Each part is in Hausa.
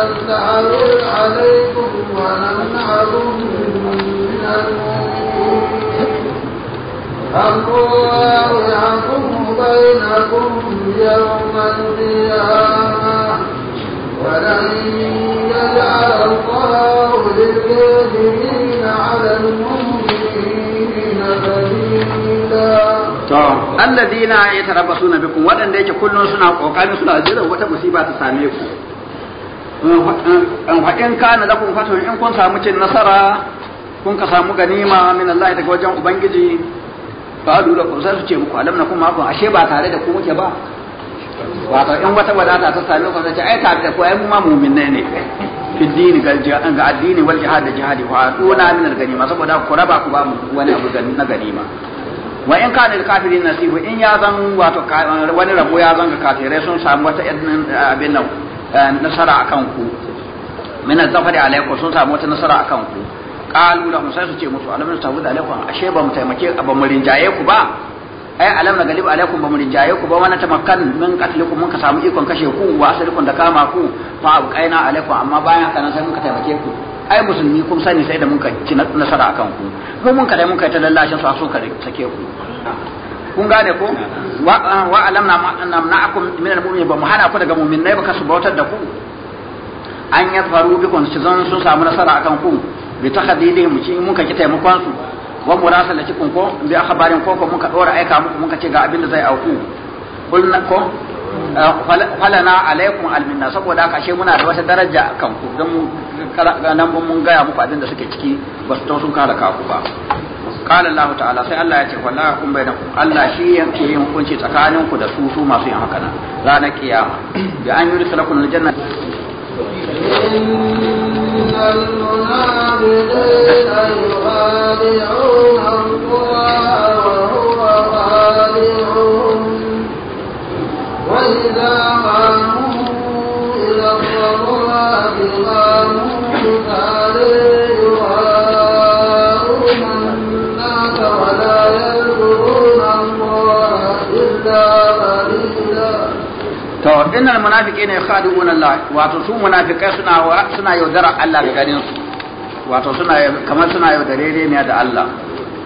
Allah zina ya tarabba suna bikin waɗanda yake kullum suna ƙoƙarin suna jiran wata ba ta same ku. in kana kun fatu in kun samu cin nasara kun ka samu ganima min Allah daga wajen ubangiji fa alu lakum sai su ce muku alam kuma ku ashe ba tare da ku muke ba wato in wata wadata ta sami ku sai ce ai tare da ku ai mu ma mu'minai ne fi dini ga addini wal jihad da jihad wa na min al ganima saboda ku raba ku ba mu wani abu na ganima wa in kana al kafirin nasibu in ya zan wato wani rabo ya zan ga kafirai sun samu wata eh, abin nan Eh, nasara akan ku min zafari alaikum sun samu wata nasara akan ku kalu da sai su ce musu alamin da alaikum ashe ba mu taimake ba mu rinjaye ku ba ai alam na galib alaikum ba mu rinjaye ku ba wani tamakkan min katlikum mun ka samu ikon kashe ku wa asalikum da kama ku fa abqaina alaikum amma bayan haka nan sai mun ka taimake ku ai musulmi kun sani sai da mun ka ci nasara akan ku mu mun ka dai mun ka ta lallashin su a so ka sake ku kun gane ko wa ah, alam na na'akum min al muminin ba mu hana ku daga mu'minai ba kasu subautar da ku an yadfaru faru su zan sun samu nasara akan ku bi mu ci mun ka ki taimakon su wa murasalatikum ko bi akhbarin ko ko mun ka dora aika muku mun ka ce ga abin da zai auku kullun ko ah, falana alaikum alminna saboda ka ashe muna da wata daraja akan ku dan mun gaya muku abin da suke ciki ba su sun ka kaku ba qala Allah ta'ala sai Allah ya ce wallahi kun bai da ku Allah shi yake yin hukunci tsakanin ku da su su masu yin haka nan ranar kiyama bi an yuri salakun aljanna innal munafiqina yakhadi'una Allah wato su munafikai suna suna yaudara Allah da ganin su wato suna kamar suna yaudarere ne da Allah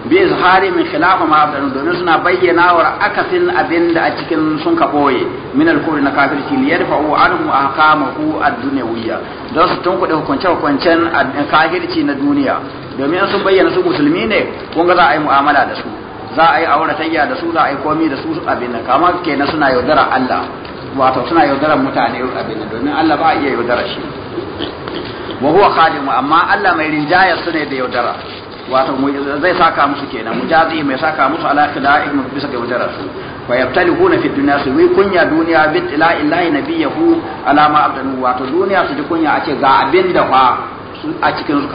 bi izhari min khilaf ma abdan domin suna bayyana wa akasin abinda a cikin sun ka boye min al na kafirci li yarfa'u anhu ahkamahu ad-dunyawiyya don su tunkuɗe hukunce hukuncen kafirci na duniya domin sun bayyana su musulmi ne kun ga za a yi mu'amala da su za a yi auratayya da su za a yi komi da su abin nan kamar kenan suna yaudara Allah wato suna yaudarar mutane abin domin Allah ba iya yaudarar shi wa huwa khadimu amma Allah mai rinjaya su ne da yaudara wato zai saka musu kenan mujazi mai saka musu ala khila'ihim bisa ga yaudarar su wa yabtalihuna fi dunya su wi kunya duniya bi ila illahi nabiyahu ala ma abdanu wato duniya su ji kunya a ce ga abin da fa a cikin su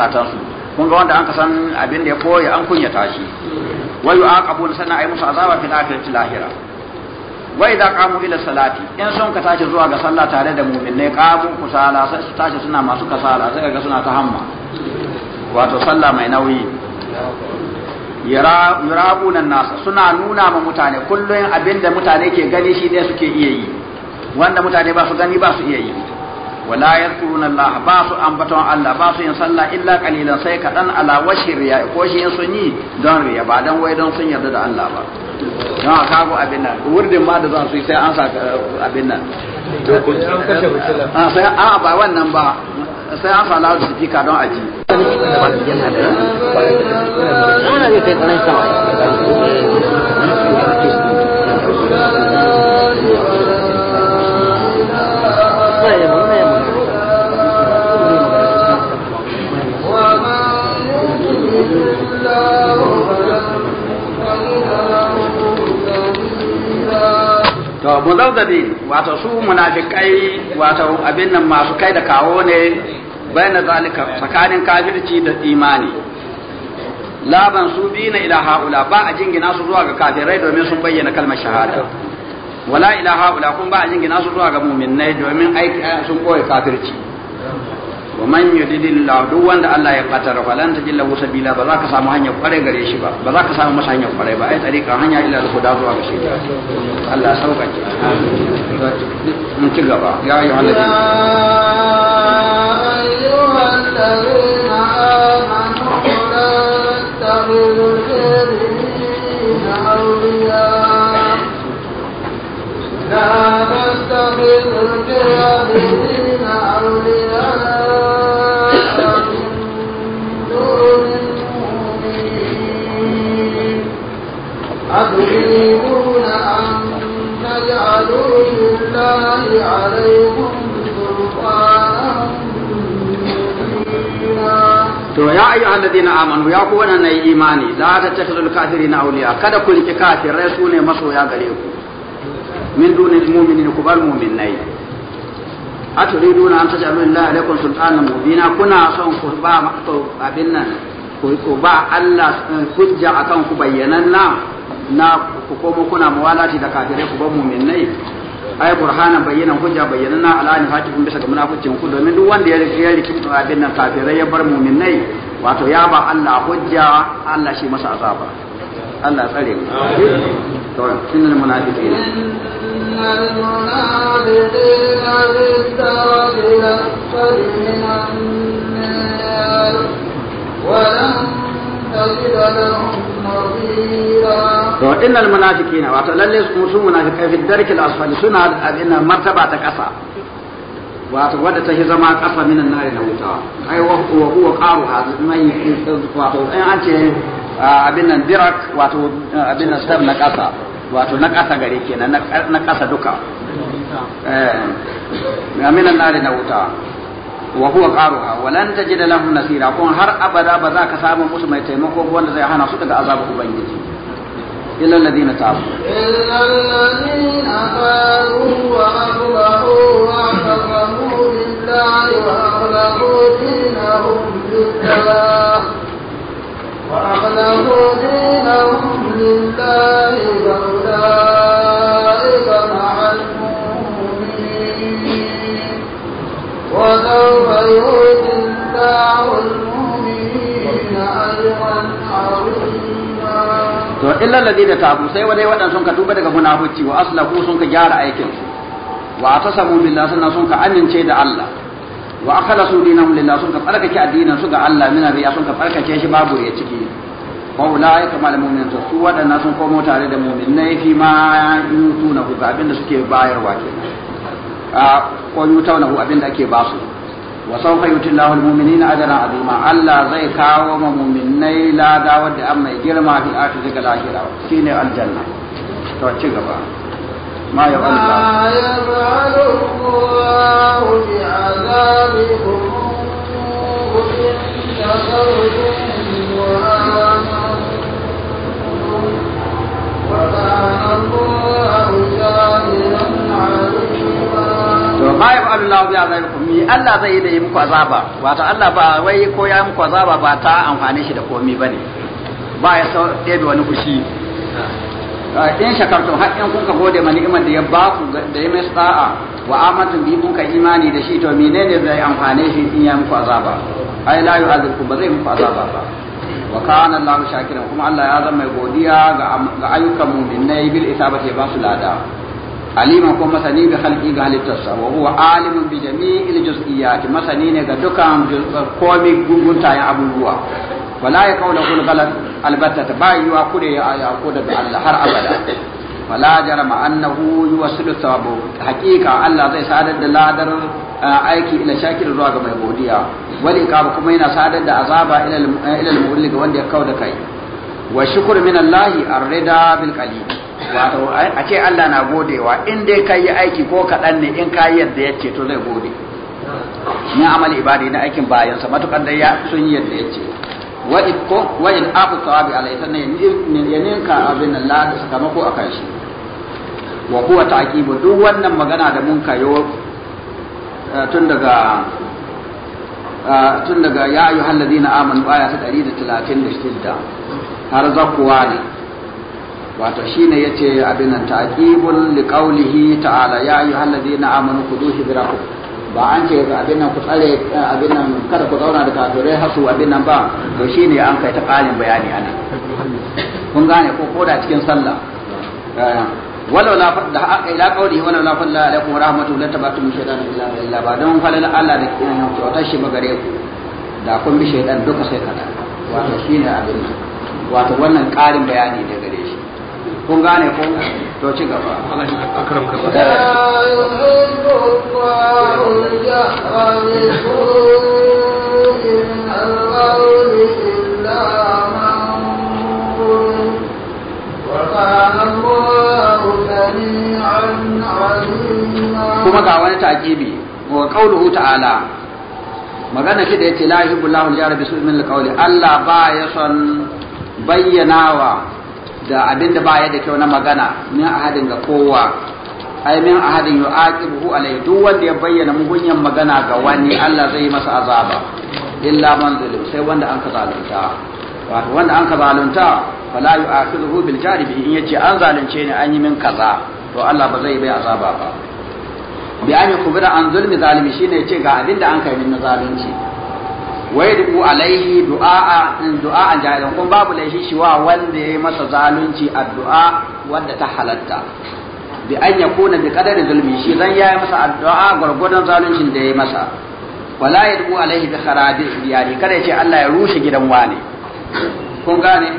kun ga wanda an ka san abin da ya koyi an kunya tashi wa yu'aqabuna sana'i musu azaba fil akhirati lahira Wai idza qamu ila salati in sun ka tashi zuwa ga sallah tare da mu'minai qamu kusala sai su tashi suna masu kasala sai ga suna ta hamma wato sallah mai nauyi yarabunan nasa suna nuna ma mutane kullum abinda mutane ke gani shi ne suke iya yi wanda mutane ba su gani ba su iya yi wala yadhkuruna Allah ba su ambaton Allah ba su yin sallah illa qalilan sai kadan ala washir ya ko shi in sun yi don riya ba dan wai don sun yarda da Allah ba don a kago abin nan wurdin ma da zan su sai an sa eh, abin nan ah, sai a ah, ba wannan ba sai an sa su loudspeaker don aji kai mukazzabin wato su munafikai wato abin nan masu kai da kawo ne bayan zalika tsakanin kafirci da imani laban su bina ila haula ba a jingina su zuwa ga kafirai domin sun bayyana kalmar shahada wala ila haula kun ba a jingina su zuwa ga mu'minnai domin aiki sun koyi kafirci man duk wanda Allah ya fatar falan tajid lahu sabila ba za ka samu hanya kware gare shi ba ba za ka samu masa hanya kware ba ai hanya ila zuwa ga Allah mun ci gaba ya amanu يريدون أن نجعلوا لله عليكم سلطانا to ya ayu alladina amanu ya ku wannan nayi imani la ta takhudul kafirina awliya kada ku rike kafirai su ne masoya gare ku min dunil mu'minin ku bar mu'minai aturiduna an taj'alu illa alaikum sultanan mubina kuna son ku ba abin nan ku ba Allah eh, hujja akan ku na. na ku komo kuna muwalati da kafirai ku bar mu'minai ai burhana bayyana hujja bayyana na alani hatifin bisa ga munafikin ku domin duk wanda ya rike ya abin nan kafirai ya bar mu'minai wato ya ba Allah hujja Allah shi masa azaba Allah tsare mu to sunan munafiqin المنافقين في الدرك تجد لهم to innal munafiqina wato lalle su munafiqai fi darkil asfali suna da martaba ta kasa wato wadda ta zama kasa minan nari na wuta ai wa huwa qaru hadu wato an ce abin nan wato abin nan sab na kasa wato na kasa gare kenan na kasa duka eh minan nari na wuta wa huwa qaruha wa lan tajida nasira kun har abada ba za ka samu musu mai taimako wanda zai hana su daga azabu ubangiji إلا الذين تابوا إلا الذين تابوا وأصلحوا واعتصموا بالله وأخلصوا دينهم لله وأخلصوا دينهم لله فأولئك مع المؤمنين وسوف يؤتي الله المؤمنين أجرا عظيما to illal ladina tabu sai wadai wadan sun ka tuba daga munafici wa aslahu sun ka gyara aikin su wa atasamu billahi sannan sun ka amince da Allah wa akhlasu dinahum lillah sun ka farkake addinin su ga Allah min riya sun ka farkake shi babu ya ciki wa ulai kama al mu'minin su wadannan sun komo tare da mu'minai fi ma yutuna ku ga abinda suke bayarwa kenan a ko ku abinda ake basu وسوف يؤتي الله المؤمنين اجرا عظيما الله زي كاو مؤمني لا دا ود اما يجرما في اخر الاخره شيني الجنه تو تشغبا ما يفعل الله بعذابكم وكان ma yaf'alu Allahu bi azabikum mi Allah zai yi da yi muku azaba wato Allah ba wai ko ya muku azaba ba ta amfane shi da komai bane ba ya sau ɗebe wani kushi ah. ah, in shakartun har in ka gode mani iman da ya ba ku da ya mai sa'a wa amantun bi kun kuka imani da shi to menene zai amfane shi in ya muku azaba ai la yu'azibukum ba zai muku azaba ba wa kana Allahu shakiran kuma Allah ya zama mai godiya ga ayyukan mu'minai bil isabati ba su lada aliman ko masani bi halki ga halittarsa wa huwa alimun bi jami'il juz'iyati masani ne ga dukan komi gunguntayen abubuwa wala ya kaula kul galat albatta ba yiwa kure ya ko da Allah har abada wala jarama annahu yuwasilu thawabu haqiqa Allah zai sadar da ladar aiki ila shakir zuwa ga mai godiya wali kuma yana sadar da azaba ila ila ga wanda ya kauda kai wa shukr min Allah ar bil qalil wato a ce Allah na godewa in dai ka yi aiki ko kaɗan ne in ka yi yadda ya ce to zai gode ni amali ibadi na aikin bayansa matuƙar da ya sun yi yadda ya ce wa'id ko wa'id abu sawabi alai ne ya ninka abin nan la sakamako a kan shi wa kuwa taqibu duk wannan magana da mun kayo eh, tun daga eh, tun daga ya ayyuhal ladina amanu aya ta 136 har zakuwa ne wato shine yace abin nan taqibul liqaulihi ta'ala ya ayyuhallazina amanu khudhu hidrakum ba an ce abin nan ku tsare abin nan kada ku zauna da kafirai hasu abin nan ba to shine an kai ta ƙarin bayani ana kun gane ko koda cikin sallah eh, walau la da haka ila qawli walau la la alaikum rahmatu la min shaytan illa illa ba don falal Allah da kiyan kyautar shi magare ku da kun bi shaytan duka sai kada wato shine abin wato wannan ƙarin bayani da gare shi kun gane ko to ci gaba akram ka ba kuma ga wani takibi wa qauluhu ta'ala magana shi da yace la yuhibbu Allahu al-jahra bi su'min al-qawli Allah ba ya bayyana wa. da abin da ya da kyau na magana min ahadin ga kowa ai min ahadin yu'aqibuhu alai duk wanda ya bayyana muhunyan magana ga wani Allah zai masa azaba illa man zulim sai wanda an ka zalunta wato wanda an ka zalunta fala yu'aqibuhu bil jaribi in yace an zalunce ni an yi min kaza to Allah ba zai bai azaba ba bi an kubira an zulmi zalimi shine yace ga abin da an kai min zalunci wayriku alaihi du'a du'a jahilin kun babu laifi shi wa wanda yayi masa zalunci addu'a wanda ta halatta bi an yakuna bi qadari zulmi shi zan yayi masa addu'a gurgurdan zaluncin da yayi masa wala yadbu alaihi bi kharabi diyari kada ya ce Allah ya rushe gidan wani kun gane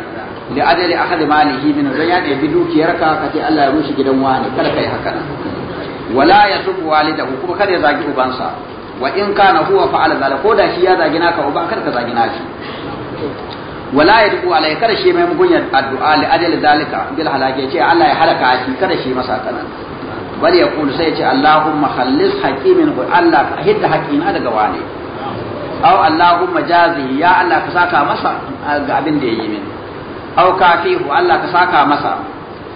da adali akhadhi malihi min zan ya da dukiyar ka kace Allah ya rushe gidan wani kada kai haka nan wala yasub walidahu kuma kada ya zagi ubansa wa in kana huwa fa'ala zalika ko da shi ya zagi naka ba kar ka zagi naki wala yadku alai kada shi mai mugunya addu'a li ajali zalika bil halaki ce Allah ya halaka shi kada shi masa kanan bal ya kulu sai ce Allahumma khallis hakimin wa Allah hidda hakina daga wani aw Allahumma jazi ya Allah ka saka masa ga abin da yayi min aw kafihu Allah ka saka masa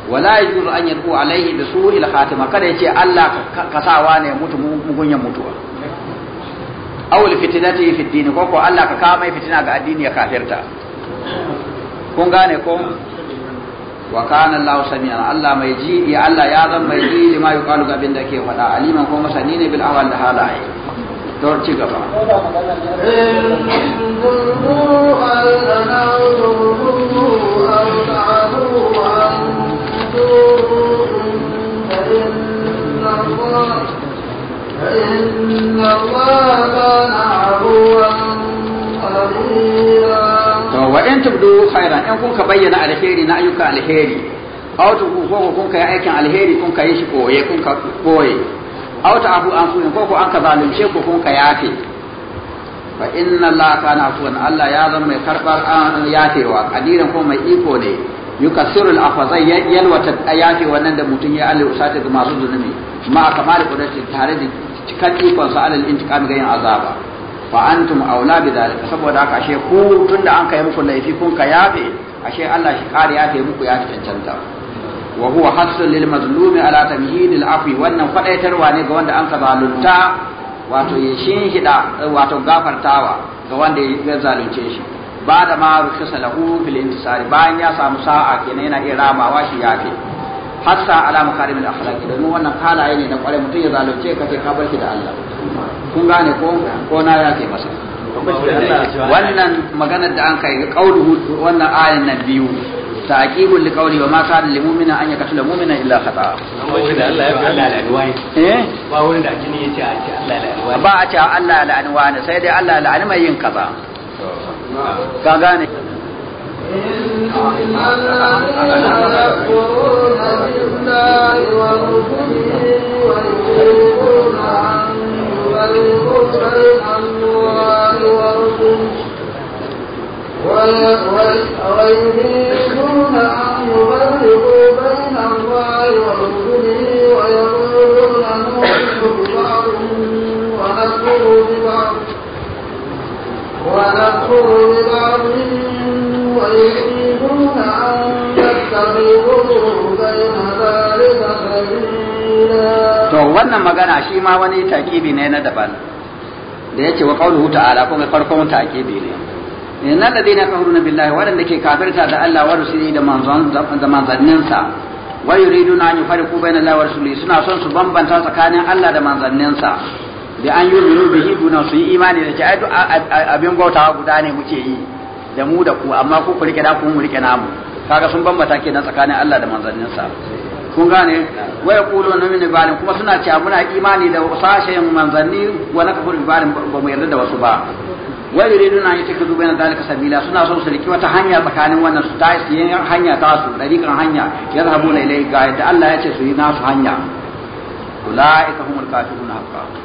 wala yajuzu an yadku alaihi bi su'il khatima kada ya ce Allah ka sawa ne mutu mugunya mutuwa awul fitinati fi dini ko ko Allah ka kawo mai fitina ga addini ya kafirta kun gane ko wa kana Allah samian Allah mai ji ya Allah ya zan mai ji lima yuqalu ga da ke faɗa aliman ko masani ne bil da halaye to ci gaba إن الله كان in قديرا وإن تبدو خيرا إن كنت alheri الخير نأيك الخير aw ta ko kun kai aikin alheri kun ka yi shi koye kun ka koye aw ta abu an kun ko an ka zalunce ko kun ka yafe fa inna allaha kana afuwan allah ya zama mai karbar an ah, yafewa kadiran ko mai iko ne yukassiru al-afazai ya yalwata ayati wannan da mutum ya Allah usata ga masu zunubi ma kamar kudarci tare da cikan ikon sa alal intiqam ga yin azaba fa antum aula bi dalika saboda haka ashe ku tunda an kai muku laifi kun ka yafe ashe Allah shi kariya ta muku ya cancanta wa huwa hasan lil mazlumi ala tamhid al wannan fadaitarwa ne ga wanda an ka zalunta wato ya shin wato gafartawa ga wanda ya zalunce shi ba da ma rukhisa lahu fil intisari bayan ya samu sa'a kenan yana iya ramawa shi yafe hassa ala makarim al akhlaq wannan halaye ne na kware mutum ya zalunce ka ce ka bar shi da Allah kun gane ko ko na ke masa wannan maganar da an kai qauluhu wannan ayan nan biyu تعقيب لقوله وما كان لمؤمن ان يقتل مؤمنا الا خطا ba a ce Allah la'anwani sai dai Allah la'ani mai yin kaza ka gane ويريدون أن يبلغوا بين الله ورسله ويقولون نؤمن ببعض ونكفر to wannan magana shi ma wani takibi ne na daban da ce wa qawluhu ta'ala kuma farkon takibi ne inna alladhina na billahi waɗanda ke kafirta da Allah wa rusuli da manzon da manzanninsa wa yuridu na yufariqu bayna Allah wa rusuli suna son su bambanta tsakanin Allah da manzanninsa da an yi minu bihi dunan su yi imani da ke ai abin bautawa guda ne muke yi da mu da ku amma ku ku rike da ku mu rike namu kaga sun bambata kenan tsakanin Allah da manzannin sa kun gane waya kulo na mini bani kuma suna cewa muna imani da sashen manzanni wa na kafur bani ba mu yarda da wasu ba wa yuridu na yatakidu bayna dalika sabila suna son su riki wata hanya tsakanin wannan su ta yi hanya ta su dariƙan hanya ya yadhabuna ilai ga yadda Allah ya ce su yi nasu hanya ulaika humul kafirun haqqan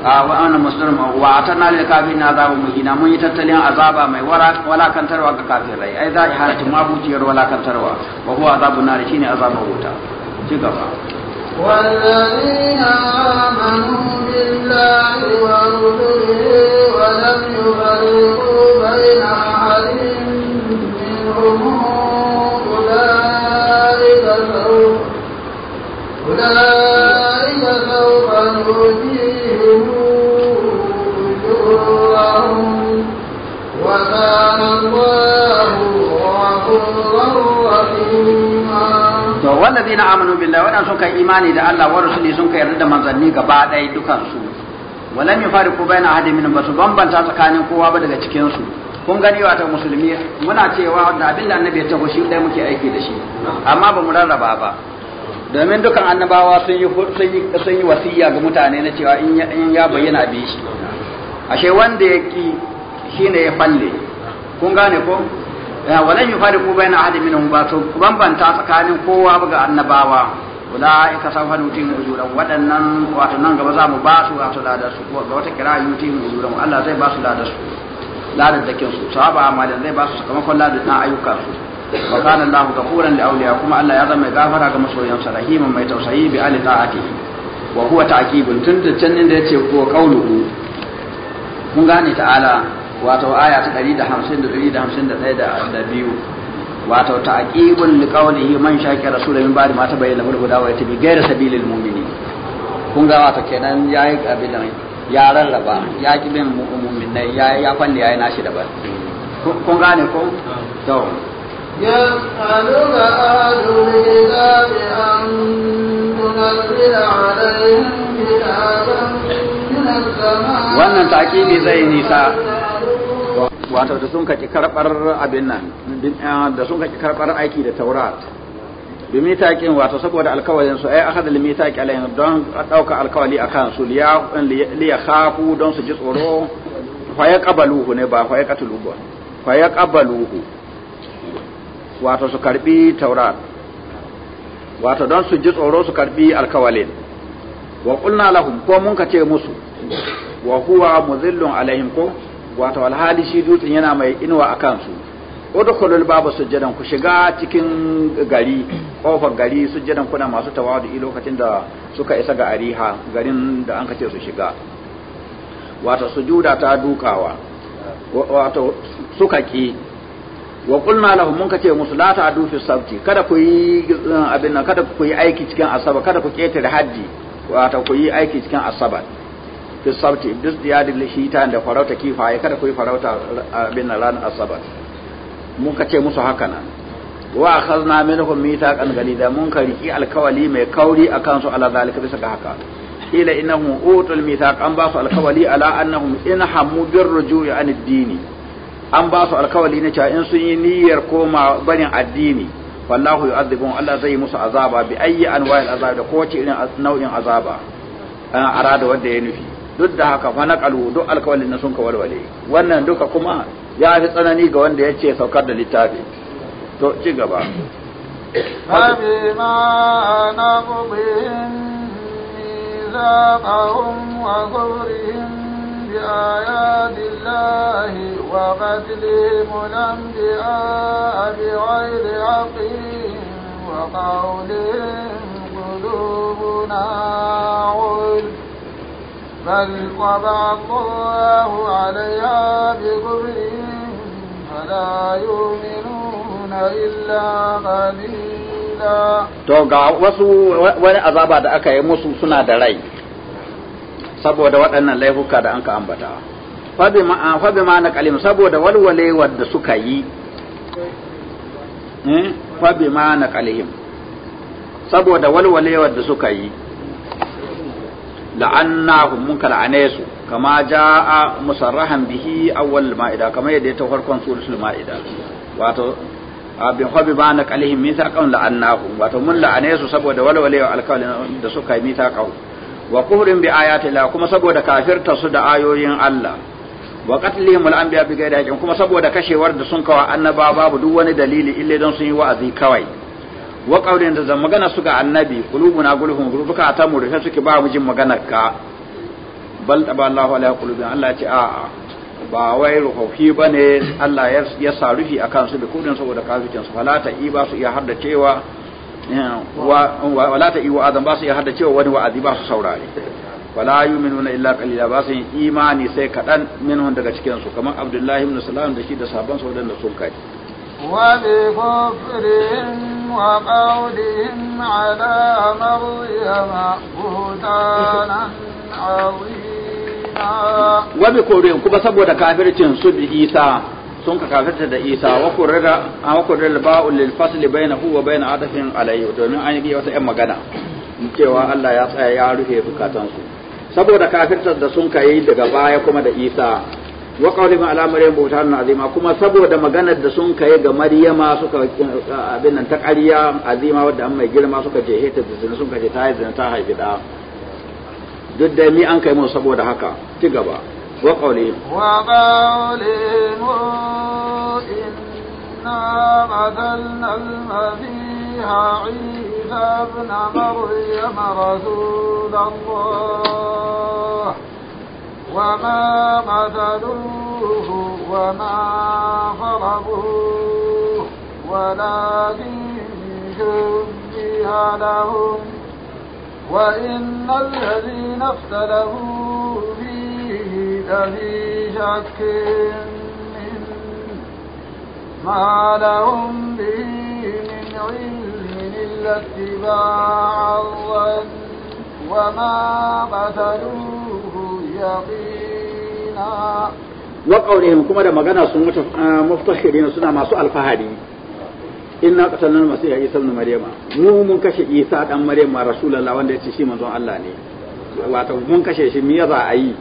wannan ah, musulun wa ta na lil kafirin azaba muhina mun yi tattalin azaba mai walakantarwa ga kafirai ai za a haratu mabuciyar walakantarwa wa huwa azabun nar shine azabar wuta ci gaba والذين آمنوا بالله ورسله ولم يفرقوا بين أحد منهم أولئك سوف أولئك سوف نؤتيهم to wallazi na amanu billahi waɗanda sun kai imani da Allah wa rasuli sun kai yarda da manzanni gaba ɗaya dukansu walam yufariqu baina ahadin min basu bambanta tsakanin kowa ba daga cikin su kun gani wata musulmi muna cewa da abinda da annabi ya tafi shi ɗaya muke aiki da shi amma ba mu rarraba ba domin dukan annabawa sun yi sun yi wasiya ga mutane na cewa in ya bayyana bi shi ashe wanda ya ki ne ya falle kun gane ko walan ku baina ahadin minhum ba to bambanta tsakanin kowa ba ga annabawa ulaika sawfa nutim ujura wadannan wato nan gaba za mu ba su wato da su ko ga wata kira yutim ujuran Allah zai ba su da su ladar da su sahaba amalan zai ba su sakamakon ladar na ayyukan su wa kana Allah ghafuran li awliya kuma Allah ya zama gafara ga masoyansa rahima mai tausayi bi ali ta'ati wa huwa ta'qibun tun da can inda yace ko kaulu mun gane ta'ala wato aya ta 150 da 151 da biyu wato ta'qibun liqawlihi man shakara rasulun min ba'di ma tabayyana lahu huda wa bi ghayra sabilil mu'minin kun ga wato kenan yayi abin ya rarraba ya ki bin mu'minai ya ya kwalle yayi nashi daban kun gane ko to يسألك أهل الكتاب أن تنزل عليهم كتابا من السماء wannan takibi zai nisa wato da sun kaki karbar abin nan da sun kaki karbar aiki da taurat bi mitakin wato saboda alkawalin su ai akhadha limitaki alayhi don dauka alkawali akan su liya liya khafu don su ji tsoro fa yaqbaluhu ne ba fa yaqtuluhu ba fa yaqbaluhu wato su karbi taurat wato don su ji tsoro su karbi alkawalin wa qulna lahum ko mun kace musu wa huwa muzillun alaihim ko wato alhali shi dutsen yana mai inuwa a kansu udkhulul baba sujjadan ku shiga cikin gari kofar gari sujjadan kuna masu tawadu lokacin da suka isa ga ariha garin da an kace su shiga wato sujuda ta dukawa wato suka ki wa qulna lahum mun kace musu la ta'du fi sabti kada ku yi eh, abin nan kada ku yi aiki cikin asaba kada ku ketare haddi wato ku yi aiki cikin asabar fi sabti duk diyadin lishitan da farauta kifaye kada kuyi farauta abin ran asabar mun ka ce musu haka nan wa akhadna minhum mithaqan ghalidha mun ka riki alkawali mai kauri akan su ala zalika bisa ga haka ila innahum utul mithaq an ba su alkawali ala annahum in hammu bir ruju'i an ad-dini an ba su alkawali ne cewa in sun yi niyyar koma barin addini wallahu yu'adhibuhum Allah zai musu azaba bi ayyi anwa'il azab da kowace irin nau'in azaba an arada wanda ya nufi duk da haka fa naqalu duk alkawalin na sun ka walwale wannan duka kuma ya fi tsanani ga wanda ya ce saukar da littafi to ci gaba فبما نقضهم بل طبع الله عليها بكفرهم فلا يؤمنون إلا قليلا to ga wasu wani azaba da aka yi musu suna da rai saboda waɗannan laifuka da an ka ambata fabi ma na kalim saboda walwalewar da suka yi eh, fabi ma na kalihim saboda walwalewar da suka yi la'annahum mun kal'ane su kama jaa musarrahan bihi awwal ma'ida kama yadda ta farkon suratul ma'ida wato abin hobi ba na kalihim mithaqan la'annahum wato mun la'ane su saboda walwalewa alkawalin da suka yi mithaqan wa kufrin bi ayati la kuma saboda kafirta su da ayoyin Allah wa qatlihim al-anbiya bi ghayri haqqin kuma saboda kashewar da sun kawa annaba babu duk wani dalili illa don sun yi wa'azi kawai wa qawlin da magana suka annabi kulubuna gulhum rubuka mu da suke ba mu jin maganar ka bal Allahu alaihi qulubin Allah ya ce a'a ba wai ruhofi ba ne Allah ya sa rufi a kansu da kudin saboda su falata i ba su iya hadda cewa ta i wa'azan ba su iya hadda cewa wani wa'azi ba su saurare wala yu'minuna illa qalila ba su imani sai kadan minhum daga cikin su kamar Abdullahi ibn Salam da shi da sahabban su wadanda sun kai وبكفرهم وقولهم على مريم بهتانا عظيما وبكفرهم كما سبوت كافرتهم سب عيسى sun ka kafirta da Isa wa kurrada an wa kurrada ba'ul lil fasli bainahu wa adafin alayhi domin an yi wata 'yan magana cewa Allah ya tsaya ya rufe bukatansu saboda kafirtar da sun yi daga baya kuma da Isa wa ma ala maryam buhtanan azima kuma saboda maganar da sun kai ga maryama suka abin nan ta ƙarya azima wadda an mai girma suka je hita da sun suka je ta yi ta haifi da duk da ni an kai mu saboda haka ci gaba wa qawlihim wa inna badalna al ibn maryam وما قتلوه وما ولا ولكن شبه لهم وإن الذين اختلفوا فيه لفي شك ما لهم به من علم إلا اتباع الظن وما قتلوه يقينا وقولهم كما ده مغانا سن مفتخرين سنا ماسو الفهاري إنا قتلنا المسيح عيسى ابن مريم مو من كشي عيسى مريم رسول الله وانده يتي شي منزون الله ني wato mun kashe shi me yi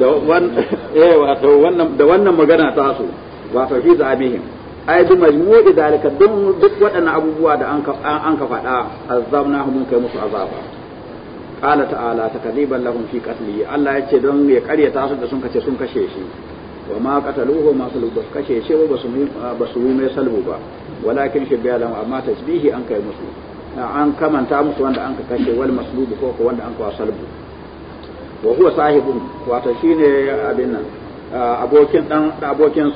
da wannan da wannan magana ta su wato fi zabihim ai bi duk waɗannan abubuwa da an ka faɗa azabnahum kai musu azaba qala ta'ala takdiban lahum fi qatli Allah ya ce don ya karyata su da sun kace sun kashe shi wa ma qataluhu ma salu ba kashe shi ba su ba su mai salbu ba walakin shibbiya lahum amma tasbihi an kai musu an kamanta musu wanda an ka kashe wal maslubu ko ko wanda an ka salbu wa sahibun wato shine abin nan abokin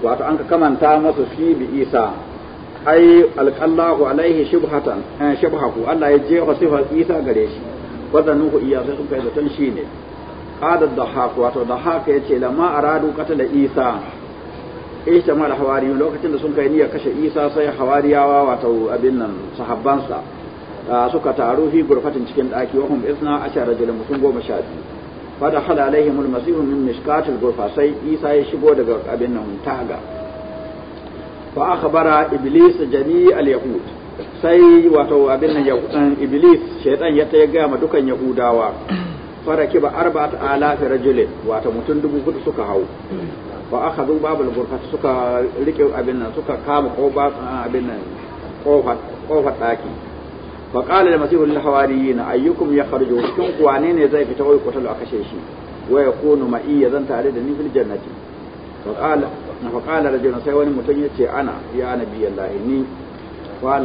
wato an ka kamanta masa shi isa ai alqallahu alaihi shubhatan eh, shubhahu Allah ya jefa sifar Isa gare shi wadannuhu iya sai sun kai zaton shine qala dhahaq wato dhahaq yace lamma aradu qatala Isa ihtamal hawari lokacin da sun kai niyyar kashe Isa sai hawariyawa wato abin nan sahabbansa ah, suka taru fi gurfatin cikin daki wa hum isna ashara rajulun mutum goma sha biyu fada hala alaihim almasihu min mishkatil gurfa sai Isa ya shigo daga abin nan taga fa akhbara iblis jami' al sai wato abin nan eh, iblis shaytan ya ta ga ma dukan yahudawa faraki ba arba'at alaf rajulin wato mutum dubu hudu suka hau fa akhadhu babul ghurfat abin kama ko ba abin nan kofar kofar daki فقال المسيح للحواريين أيكم يخرج وكم قوانين زي في توي قتلوا أكشيشي ويكون مئية ذن تاريد في الجنة فقال faƙala da rajulun sai wani mutum ya ce ana ya na Allah ni wa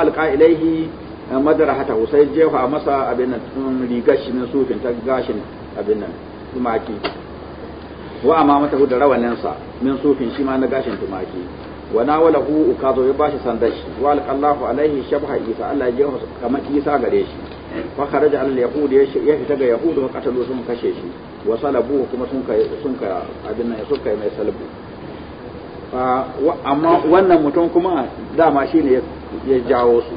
alqa ilaihi wa madara hata sai jefa masa abin nan rigar shi na sufin ta gashin abin nan tumaki wa amma mata da rawaninsa min sufin shi ma na gashin tumaki wa uka zo ya bashi sandar shi wa alqallahu alaihi shabha isa Allah ya jefa kamar isa gare shi fa kharaja al yahud ya fita ga yahud wa katalo sun kashe shi wa salabu kuma sun kai sun ka abin nan sun kai mai salabu amma wannan mutum kuma dama shi ne ya jawo su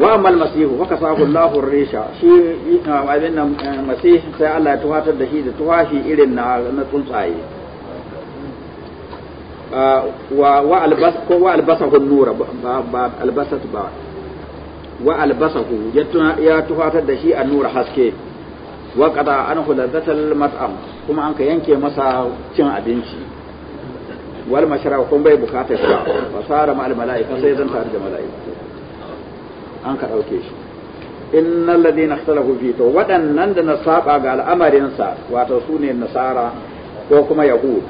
wa amal masihu fa kasahu Allahu risha shi eh, abin nan eh, masih sai Allah ya tuhatar da shi da tuhashi irin na na tsuntsaye wa wa albas ko wa albasahu nura ba albasat ba wa albasahu ya tuhatar da shi an nura haske wa qada anhu ladzatal mat'am kuma an ka yanke masa cin abinci wal mashara kun bai bukatar ba fa sara ma mala'ika sai zan da mala'iku an ka dauke shi innal ladina ikhtalafu fi to waɗannan da na saba ga al'amarin sa wato sune nasara ko kuma yahud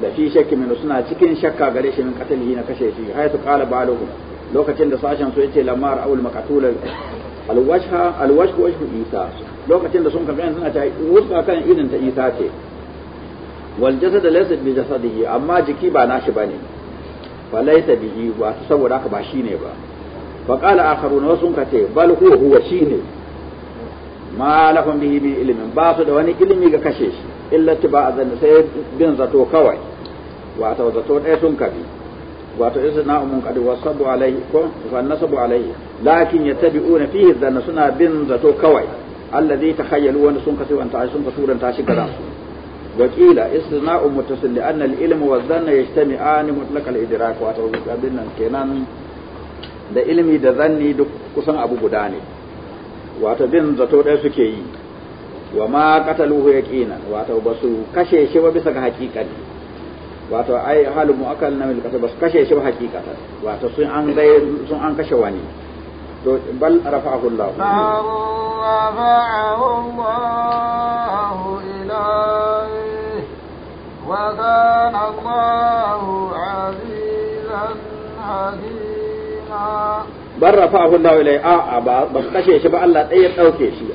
da fi shakki min suna cikin shakka gare shi min na kashe shi hayatu qala baluhu lokacin da sashen su yace lamar awul maqatul alwajha alwajhu wajhu isa lokacin da sun kafa yana suna cewa wuska kan irin ta isa ce wal jasad laysa bi jasadihi amma jiki ba nashi bane fa laysa bihi wa saboda haka ba shine ba fa qala akharuna sun ka ce bal huwa huwa shine ma lahum bihi bi ilmin ba su da wani ilimi ga kashe shi illa tiba azan sai bin zato kawai wato zato ɗaya sun kabi wato isa na umun kadi sabu alaihi ko fa nasabu alaihi lakin yatabi'una fihi dhanna suna bin zato kawai allazi takhayyalu wanda sun kasu an tashi sun kasu ran tashi kaza wa qila istina'u muttasil li anna al-ilm wa dhanna yajtami'ani mutlaq al-idrak wa tawbin nan kenan da ilmi da zanni duk kusan abu guda ne wato bin zato ɗaya suke yi wa ma qataluhu yaqinan wato ba su kashe shi ba bisa ga hakikani wato ai halu mu'akkal na milkata ba su kashe shi ba hakikatan wato sun an sun an kashe wani to bal rafa'ahu Allah rafa'ahu Allah ilayhi wa kana Allah azizan ba kashe shi ba Allah ɗaya ya dauke shi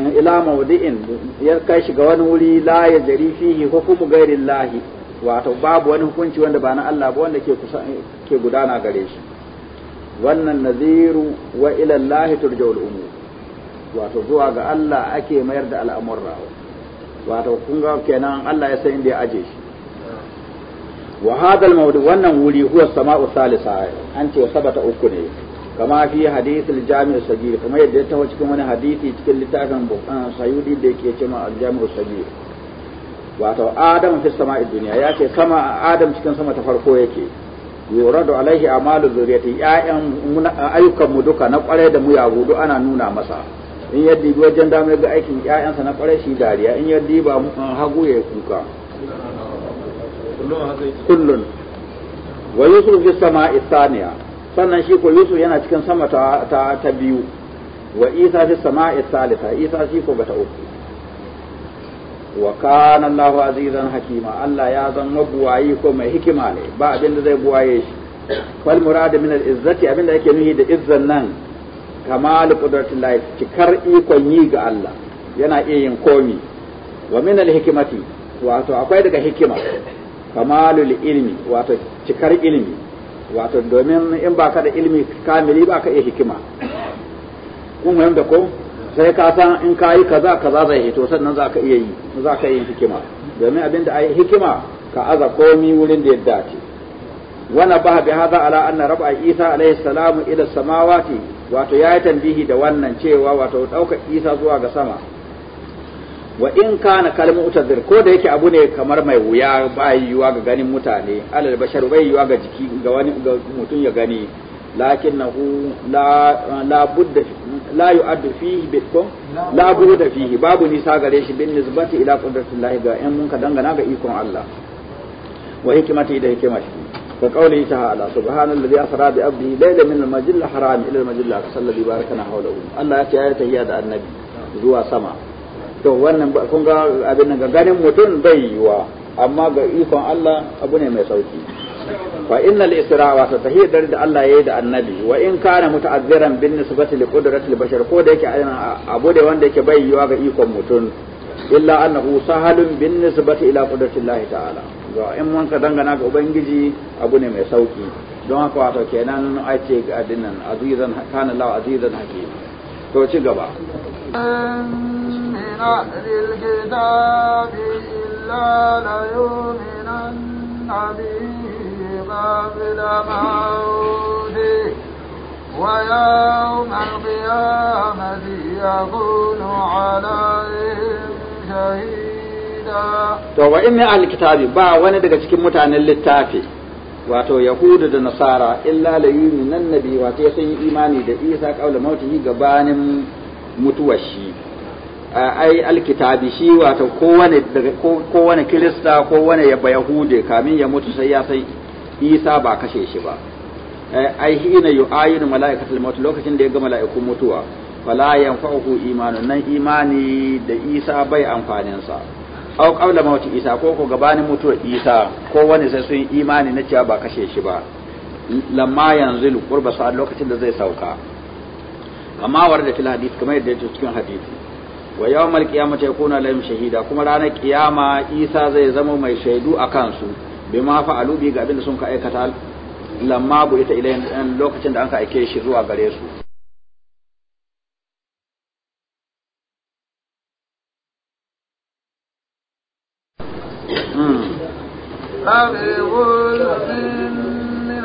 hmm, ila mawdi'in ya kai shi ga wani wuri la ya jari fihi hukumu ghairi Allah wato babu wani hukunci wanda ba na Allah ba wanda ke gudana gare shi wannan naziru wa ila Allah turja'ul umur wato zuwa ga Allah ake mayar da al'amurra wato kun ga kenan Allah ya san inda ya aje shi wa hada mawdu wannan wuri huwa sama'u salisa an ce sabata uku ne kama fi hadithul jami'u sagir kuma yadda ya taho cikin wani hadisi cikin littafin bukhari ah, sayyidi da yake cewa al-jami'u sagir wato adam fi sama'i dunya ya ce sama adam cikin sama ta farko yake yuradu alaihi amalu zuriyati ƴaƴan ayyukan mu duka na kwarai da mu ya gudu ana nuna masa in yaddi wajen dama ga aikin ƴaƴansa na kwarai shi dariya in ya diba uh, hagu ya kuka kullun wa yusuf fi sama'i thaniya sannan shi ko yusuf yana cikin sama ta ta, biyu wa isa fi sama'i thalitha isa shi ko bata uku wa kana Allahu azizan hakima Allah ya zan mabuwayi ko mai hikima ne ba abin da zai buwaye shi wal murad min al izzati abin da yake nuhi da izzan nan kamal qudratillahi cikar ikon yi ga Allah yana iya yin komi wa min al hikimati wato akwai daga hikima kamalul ilmi wato cikar ilmi wato domin in baka da ilmi kamili baka iya hikima kun da ko sai ka san in ka yi kaza kaza zai hito sannan za ka iya yi za ka yi hikima domin abin da ai hikima ka aza komi wurin da ya dace wannan ba bi hada ala anna rab'a isa alaihi salamu ila samawati wato yayi tambihi da wannan cewa wato dauka isa zuwa ga sama wa in kana kalmu utazir ko da yake abu ne kamar mai wuya ba yiwuwa ga ganin mutane alal bashar bai yiwuwa ga jiki ga wani mutum ya gani lakinnahu la la budda la yu'addu fihi bikum la budda fihi babu nisa gare shi bin nisbati ila qudratillahi ga in mun ka dangana ga ikon Allah wa hikimati da hikima shi ka kauli ta'ala subhanallazi asra bi ya to wannan kun ga abin nan ga ganin mutum bai yiwa amma ga ikon Allah abu ne mai sauki fa innal isra wa ta tahiyar dare da Allah yayi da annabi wa in kana muta'azziran bin nisbati li qudratil bashar ko da yake abu da wanda yake bai yiwa ga ikon mutum illa annahu sahalun bin nisbati ila qudratillahi ta'ala ga in mun ka dangana ga ubangiji abu ne mai sauki don haka wato kenan a ce ga dinnan azizan kana law azizan hakim to ci gaba إلا ليؤمنن به قابل موته ويوم القيامة يكون عليهم شهيدا to wa in الكتاب kitabi ba wani daga cikin mutanen littafi wato yahudu da nasara illa la yuminan nabi wato sun yi imani da isa qaula yi gabanin mutuwar shi ai alkitabi shi wato kowane kowane kirista kowane yahude kamin ya mutu sai ya sai isa ba kashe shi ba eh, ai hina yu'ayinu mala'ikatul maut lokacin da ya ga mala'iku mutuwa fala yanfa'uhu imanu nan imani da isa bai amfanin sa aw qabla isa ko ko gabanin mutuwar isa ko wani sai sun imani na cewa ba kashe shi ba lamma yanzu qurba sa lokacin da zai sauka amma warda fil hadith kamar yadda yake cikin hadisi wa yawmal qiyamati yakuna lahum shahida kuma ranar qiyama isa zai zama mai shaidu a kansu. bima fa'alu bi ga abin da sun ka aikata lamma bu ita ilayen dan lokacin da an ka aike shi zuwa gare su قريب hmm. من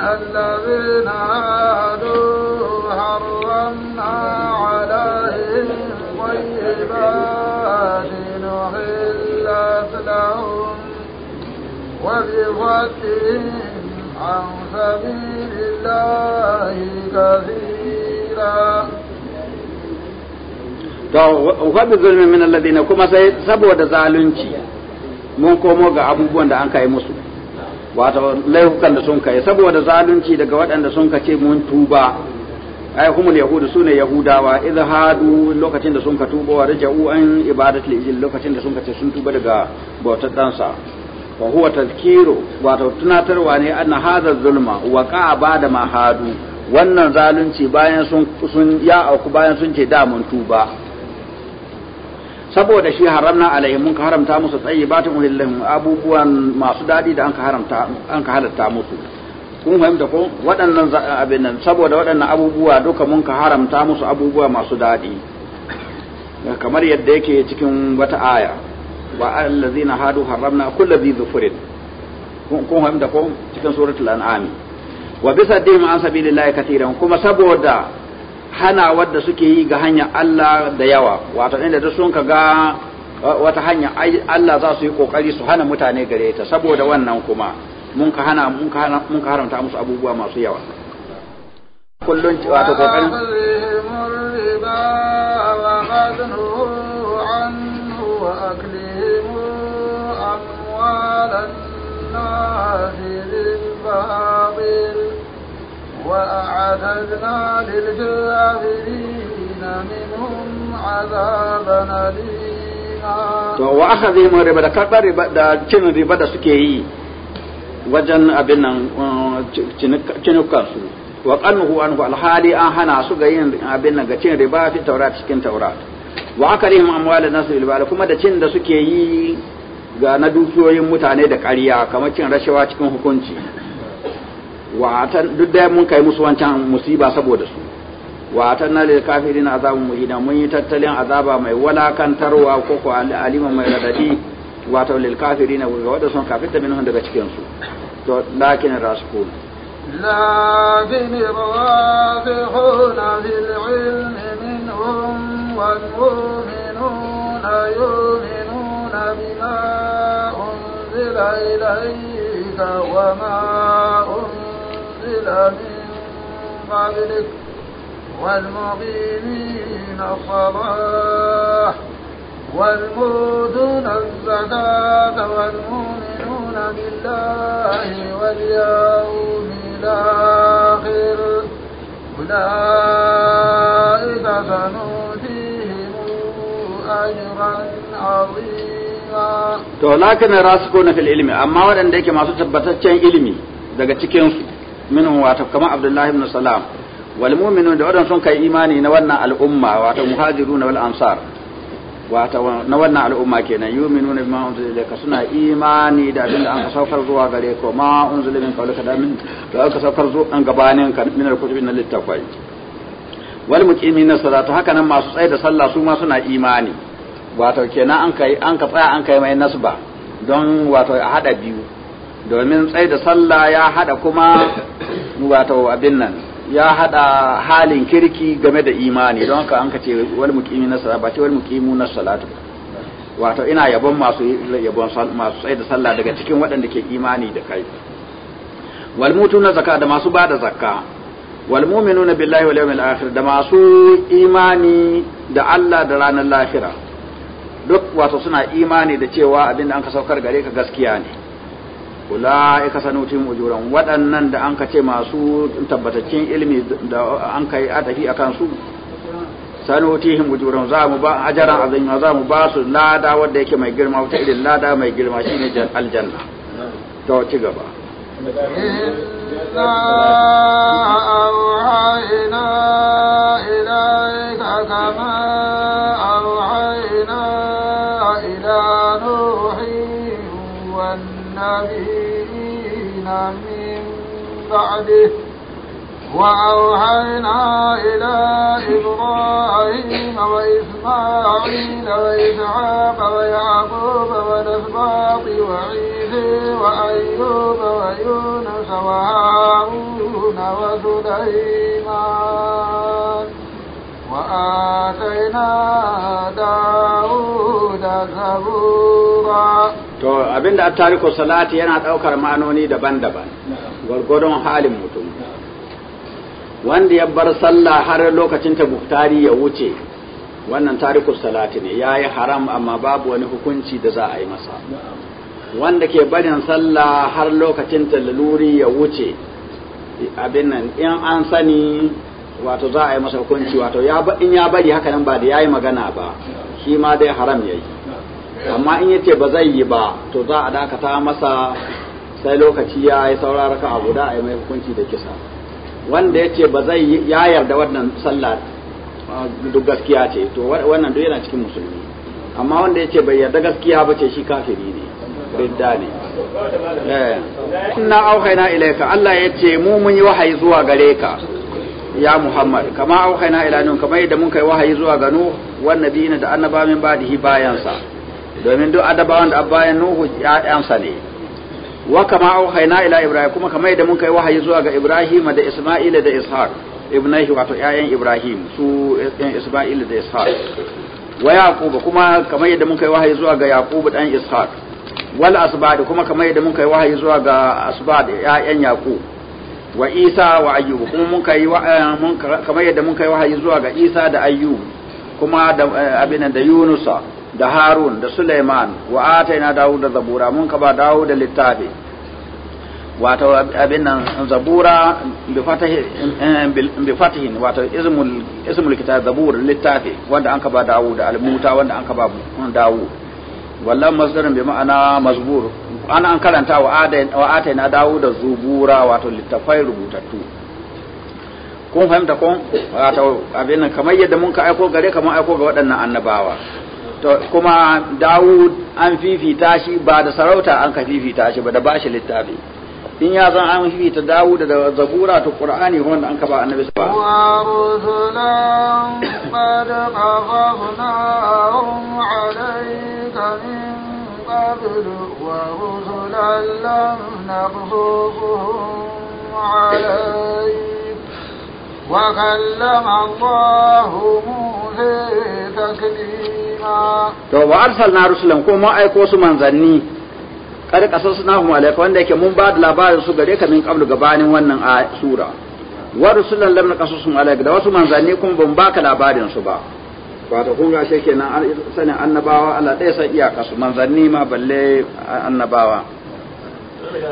عن سبيل الله كثيرا to wabi zulmin min alladina kuma sai saboda zalunci mun komo ga abubuwan da an kai musu wato laifukan da sun kai saboda zalunci daga waɗanda sun kace mun tuba ai humul yahudu sune yahudawa izhadu lokacin da sun ka tuba wa raja'u an ibadatul ijil lokacin da sun kace sun tuba daga bautar dansa wa huwa tazkiru wato tunatarwa ne الظلم وقع zulma wa qa'a ba'da ma wannan zalunci bayan sun ya auku bayan sun ce da mun tuba saboda shi haramna alaihim mun haramta musu ta ulillahum abubuwan masu dadi da anka haramta ka halatta musu kun fahimta ko waɗannan abin nan saboda waɗannan abubuwa duka mun ka haramta musu abubuwa masu dadi kamar yadda yake cikin wata aya wa allazina hadu haramna kull ladhi dhufrin kun kun hamda ko cikin suratul an'am wa bisaddihim an sabilillahi katiran kuma saboda hana wadda suke yi ga hanyar Allah da yawa wato inda duk sun ga wata hanya Allah za su yi kokari su hana mutane gare ta saboda wannan kuma mun ka hana mun ka hana mun ka haramta musu abubuwa masu yawa kullun wato kokarin على للكافرين منهم عذابا أليما da karɓar riba da cin riba da suke yi wajen abin nan uh, cinukansu wa qanuhu alhali an hana su ga yin abin nan ga cin riba fi taurat cikin taurat wa amwal nas bil kuma da cin da suke yi ga na dukiyoyin mutane da ƙariya kamar cin rashawa cikin hukunci watan duk da mun kai musu wancan musiba saboda su watan na lil kafirin azabun muhina mun yi tattalin azaba mai walakantarwa ko ko alima mai radadi wato lil kafirin ga wanda sun da minhum daga cikin su to lakin rasul lil ilmi minhum منهم والمؤمنون يؤمنون يؤمنون بما أنزل إليك وما أنزل من قبلك والمقيمين الصلاة والمؤتون الزكاة والمؤمنون بالله واليوم الآخر أولئك سنؤتيهم أجرا عظيما to lakin rasikuna fil ilmi amma waɗanda yake masu tabbataccen ilimi daga cikin su minhum wato kamar abdullahi ibn salam wal mu'minu da waɗanda sun kai imani na wannan al'umma wato muhajiruna wal ansar wato na wannan al'umma kenan yu'minuna bima unzila ilayka suna imani da abin da an saukar zuwa gare ko ma unzila min qawlika da min da aka saukar zuwa an gabanin ka min al-kutubi na littafai wal muqimina salata haka nan masu tsaye da sallah su ma suna imani wato kenan an kai an ka tsaya an kai mai nasba don wato a hada biyu domin tsai da sallah ya hada kuma wato abin nan ya hada halin kirki game da imani don ka an ka ce wal muqimi na sallah ba ce wal muqimu na salatu wato ina yabon masu yabon masu tsai da sallah daga cikin waɗanda ke imani da kai wal na zakka da masu bada zakka billahi wal yawmil akhir da masu imani da Allah da ranar lahira duk wato suna imani da cewa abinda an ka saukar gare ka gaskiya ne ula'ika sanutin ujuran waɗannan da an ka ce masu tabbataccen ilimi da an ka yi atafi a kansu sanutihim ujuran za mu ba ajaran za mu ba su lada wanda yake mai girma wata irin lada mai girma shine aljanna to ci gaba وأوحينا إلى إبراهيم وإسماعيل وإسحاق ويعقوب والأسباط وعيسى وأيوب ويونس وهارون وسليمان وآتينا داود زبورا to abinda at-tariku salati yana daukar ma'anoni daban-daban gwargwadon halin mutum wanda ya bar sallah har lokacin ta ya wuce wannan tariku salati ne ya yi haram amma babu wani hukunci da za a yi masa wanda ke barin sallah har lokacin ta laluri ya wuce abin nan in an sani wato za a yi masa hukunci wato in ya bari haka nan ba da ya yi magana ba shi ma dai haram ya yi amma in yace ba zai yi ba to za a dakata masa sai lokaci ya yi sauraraka a da a yi mai hukunci da kisa wanda ya ce ba zai ya yarda wannan sallah duk gaskiya ce to wannan duk yana cikin musulmi amma wanda ya ce bai yarda gaskiya ba ce shi kafiri ne ridda ne eh. inna auhayna ilayka Allah ya ce mu mun yi wahayi zuwa gare ka ya Muhammad kama auhayna ila nun kamar yadda mun kai wahayi zuwa ga nuh wan nabiyina da annabawan badihi bayansa domin duk adabawan da abayan nuhu ya'yansa ne wa kama auhayna ila ibrahim kuma kamar yadda mun kai wahayi zuwa ga ibrahim da isma'ila da ishaq ibnahi wato ƴaƴan ibrahim su ƴan isma'ila da ishaq wa yaqub kuma kamar yadda mun kai wahayi zuwa ga yaqub dan ishaq wal asbad kuma kamar yadda mun kai wahayi zuwa ga asbad ƴaƴan yaqub wa isa wa ayyub kuma mun kai eh, mun kamar yadda mun kai wahayi zuwa ga isa da ayyub kuma da eh, abin da yunusa da harun da suleiman wa ataina dawud da zabura mun ka ba dawud da littafi wato abin nan zabura eh, bi fatihin wato ismul ismul kitab zabur littafi wanda an ka ba dawud almuta wanda an ka ba dawud wallan masdarin bi ma'ana mazbur an an karanta wa ataina dawud da zubura wato littafai rubutattu kun fahimta kun wato abin nan kamar yadda mun ka aiko gare kamar aiko ga waɗannan annabawa kuma Dawud an fifita shi ba da sarauta an ka fifita shi ba da bashi littafi in ya zan an fifita Dawud da Zabura ta Qur'ani wanda an ka ba Annabi sallallahu وكلم الله موسى تكليما to wa arsalna rusulan ko mun aiko su manzanni suna qasasnahum alayka wanda yake mun ba da labarin su gare ka min qablu gabanin wannan a sura wa rusulan lam naqasusum alayka da wasu manzanni kuma ban baka labarin su ba wato kun ga shi kenan sanin annabawa Allah ɗaya san iyaka su manzanni ma balle annabawa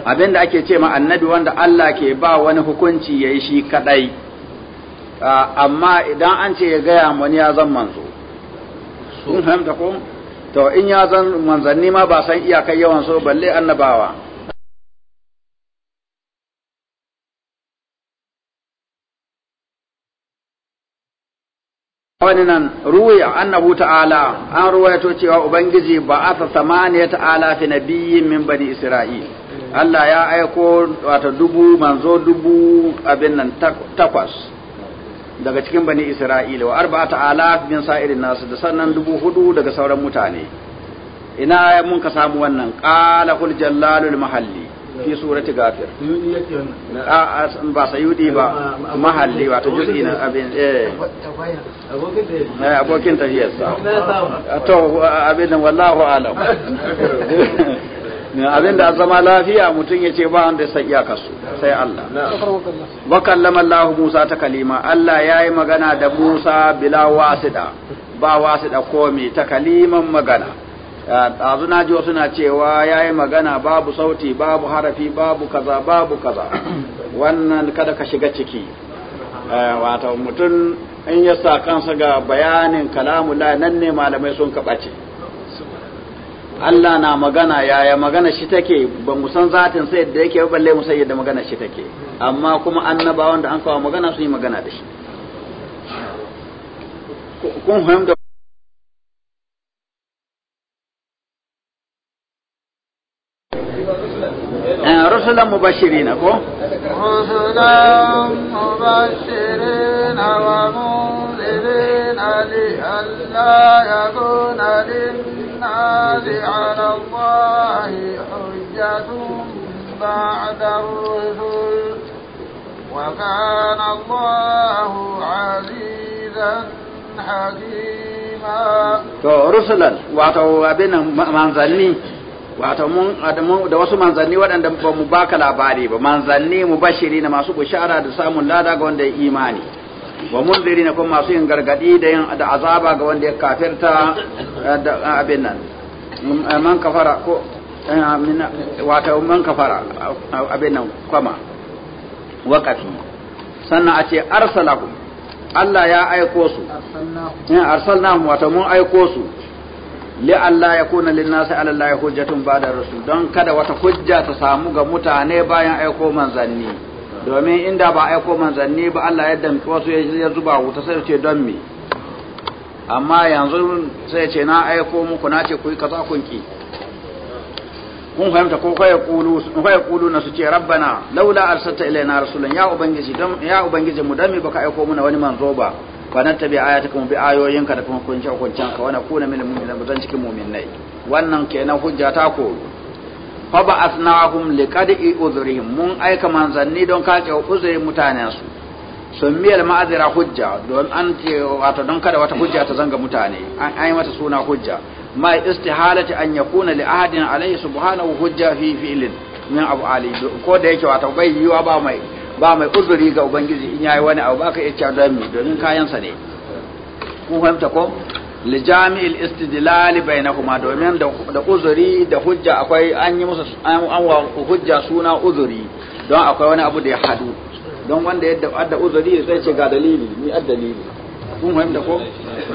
abin da ake ce ma annabi wanda Allah ke ba wani hukunci yayi shi kadai amma idan an ce ya gaya wani ya zan manzo kun fahimta ko to in ya zan manzanni ma ba san iyakai yawan so balle annabawa wani nan ruwaya annahu ta'ala an ruwayato cewa ubangiji ba asa samaniya ta'ala fi nabiyyin min bani isra'il Allah ya aiko wata dubu manzo dubu abin nan takwas daga cikin bani isra'ila wa arba'ata alaf min sa'irin nas da sannan dubu hudu daga sauran mutane ina mun ka samu wannan qala kul jallalul mahalli fi surati gafir a a ba sayudi ba mahalli wato juz'i na abin eh abokin tafiyar eh, sa to abin wallahu alam abin da zama lafiya mutum ya ce ba wanda sai iyaka su sai Allah wa kallama Allah Musa ta kalima Allah ya yi magana da Musa bila wasida ba wasida komi ta kaliman magana A zuna ji wasu na cewa yi magana babu sauti babu harafi babu kaza babu kaza wannan kada ka shiga ciki wata mutum in ya sa kansa ga bayanin kalamu la nan ne malamai sun kaɓace Allah na magana yaya magana shi take ba mu san zatin sai yadda yake balle mu sai yadda magana shi take amma kuma annabawan da an kawo magana sun yi magana da shi kun fahimta رسلا مبشرين كو رسلا مبشرين ومنذرين لئلا يكون للناس الجهاد على الله حجة بعد الرسل وكان الله عزيزا حكيما to rusulan wato abin منزلني wato mun da wasu manzanni waɗanda ba mu baka labari ba manzanni mu bashiri na masu bushara da samun lada ga wanda ya imani wa munzirina kuma masu yin gargadi da yin da azaba ga wanda ya kafirta eh, da eh, abin nan mm, eh, man kafara ko wata man kafara abin nan kuma wakati. sannan a ce arsalahu Allah ya aiko su arsalnahum wata mun aiko su li Allah ya kuna lin nasi ala Allah hujjatun ba'da rasul don kada wata hujja ta samu ga mutane bayan aiko manzanni domin inda ba aiko manzanni ba Allah ya damki wasu ya zuba wuta sai ce don me amma yanzu sai ce na aiko muku na ce ku yi kaza kun ki kun fahimta ko kai kulu kai kulu na su ce rabbana laula arsalta ilaina rasulan ya ubangiji ya ubangiji mu dan me baka aiko muna wani manzo ba fa nan tabi ayataka mu bi ayoyinka da kuma kunce kuncanka wa kuna min mu'minin ba zan cikin mu'minai wannan kenan hujja ta ko faba asnahum liqad'i udhrihim mun aika manzanni don kace uzurin mutanen su sun miyar ma'azira hujja don an ce wato don kada wata hujja ta zanga mutane an ai mata suna hujja mai istihalati an yakuna li ahadin alayhi subhanahu hujja fi fi'lin min abu Ali ko da yake wato bai yiwa ba mai ba mai uzuri ga ubangiji in yayi wani abu baka yace iya don domin kayansa ne ku fahimta ko li jami'il istidlal bainahuma domin da uzuri da hujja akwai an yi musu an wa hujja suna uzuri don akwai wani abu da ya hadu don wanda yadda adda uzuri zai ce ga dalili ni adda dalili kun fahimta ko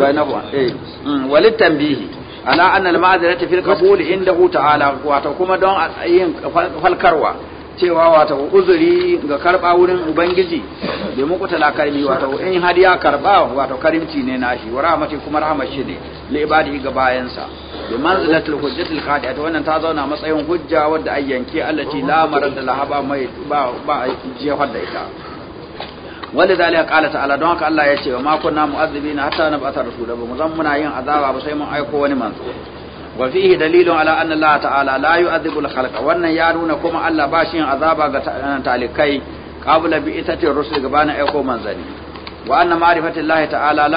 bainahuma eh mm, walit tanbihi ala anna al ma'zirati fil qabul indahu ta'ala wato kuma don yin falkarwa cewa wata uzuri ga karba wurin ubangiji da muku talakarmi wata in har ya karba wata karimci ne nashi wa rahmati kuma rahmashi ne li ibadi ga bayansa bi manzilatul hujjatul qadi'at wannan ta zauna matsayin hujja wadda ai yanke allati la marad laha ba mai ba ba jefar da ita wanda zalika qala ta'ala don haka Allah ya ce ma kunna mu'azzibina hatta nab'atha rasula ba mu zan muna yin azaba ba sai mun aiko wani manzo wa dalilin dalilun ala anna Allah ta'ala la yu'adhibu al-khalqa wannan ya nuna kuma Allah ba shi yin azaba ga eh, talikai qabla bi itati rusul gabanin aiko manzani wa anna ma'rifati Allah ta'ala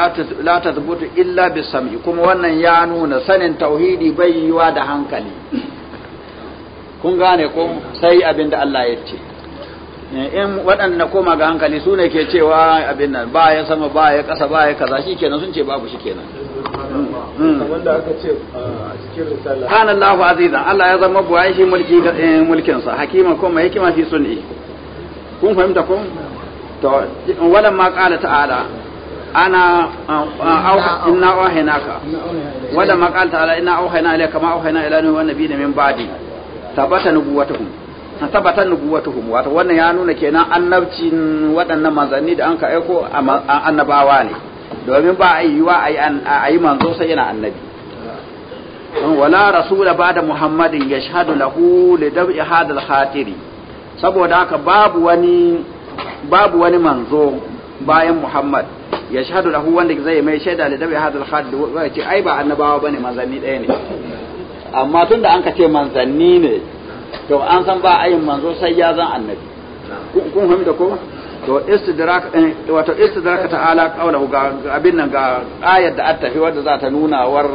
la tathbutu illa bis sam'i kuma wannan ya nuna sanin tauhidi bai yiwa da hankali kun gane ko sai abinda Allah ya in eh, waɗanda koma ga hankali su ne ke cewa abin nan ba ya sama ba ya ƙasa ba ya kaza shikenan sun ce babu shikenan mm, mm. wanda aka ce uh, a cikin risala azizan Allah ya zama buwa shi mulki eh, mulkin sa hakima kuma hikima fi sunni kun fahimta kun to walan ma qala ta'ala ana uh, uh, au inna auhaynaka wala ma qala ta'ala inna auhayna ilayka ma auhayna ila nuhin wa nabiyina min ba'di tabata nubuwatuhum tabbatar nubuwatuhum wato wannan ya nuna kenan annabcin waɗannan manzanni da an ka aiko a annabawa ne domin ba a yi wa a yi manzo sai yana annabi wala rasula ba da muhammadin ya shahadu lahu li dab'i hadal khatiri saboda haka babu wani babu wani manzo bayan muhammad ya shahadu lahu wanda zai mai shaida li dab'i hadal khatiri wai ce ai ba annabawa bane manzanni ɗaya ne amma tunda an ka ce manzanni ne to an san ba ayin manzo sai ya zan annabi kun fahimta ko to istidrak eh, wato istidrak ala qawluhu ga abin nan ga ayar da fi wanda za ta nuna war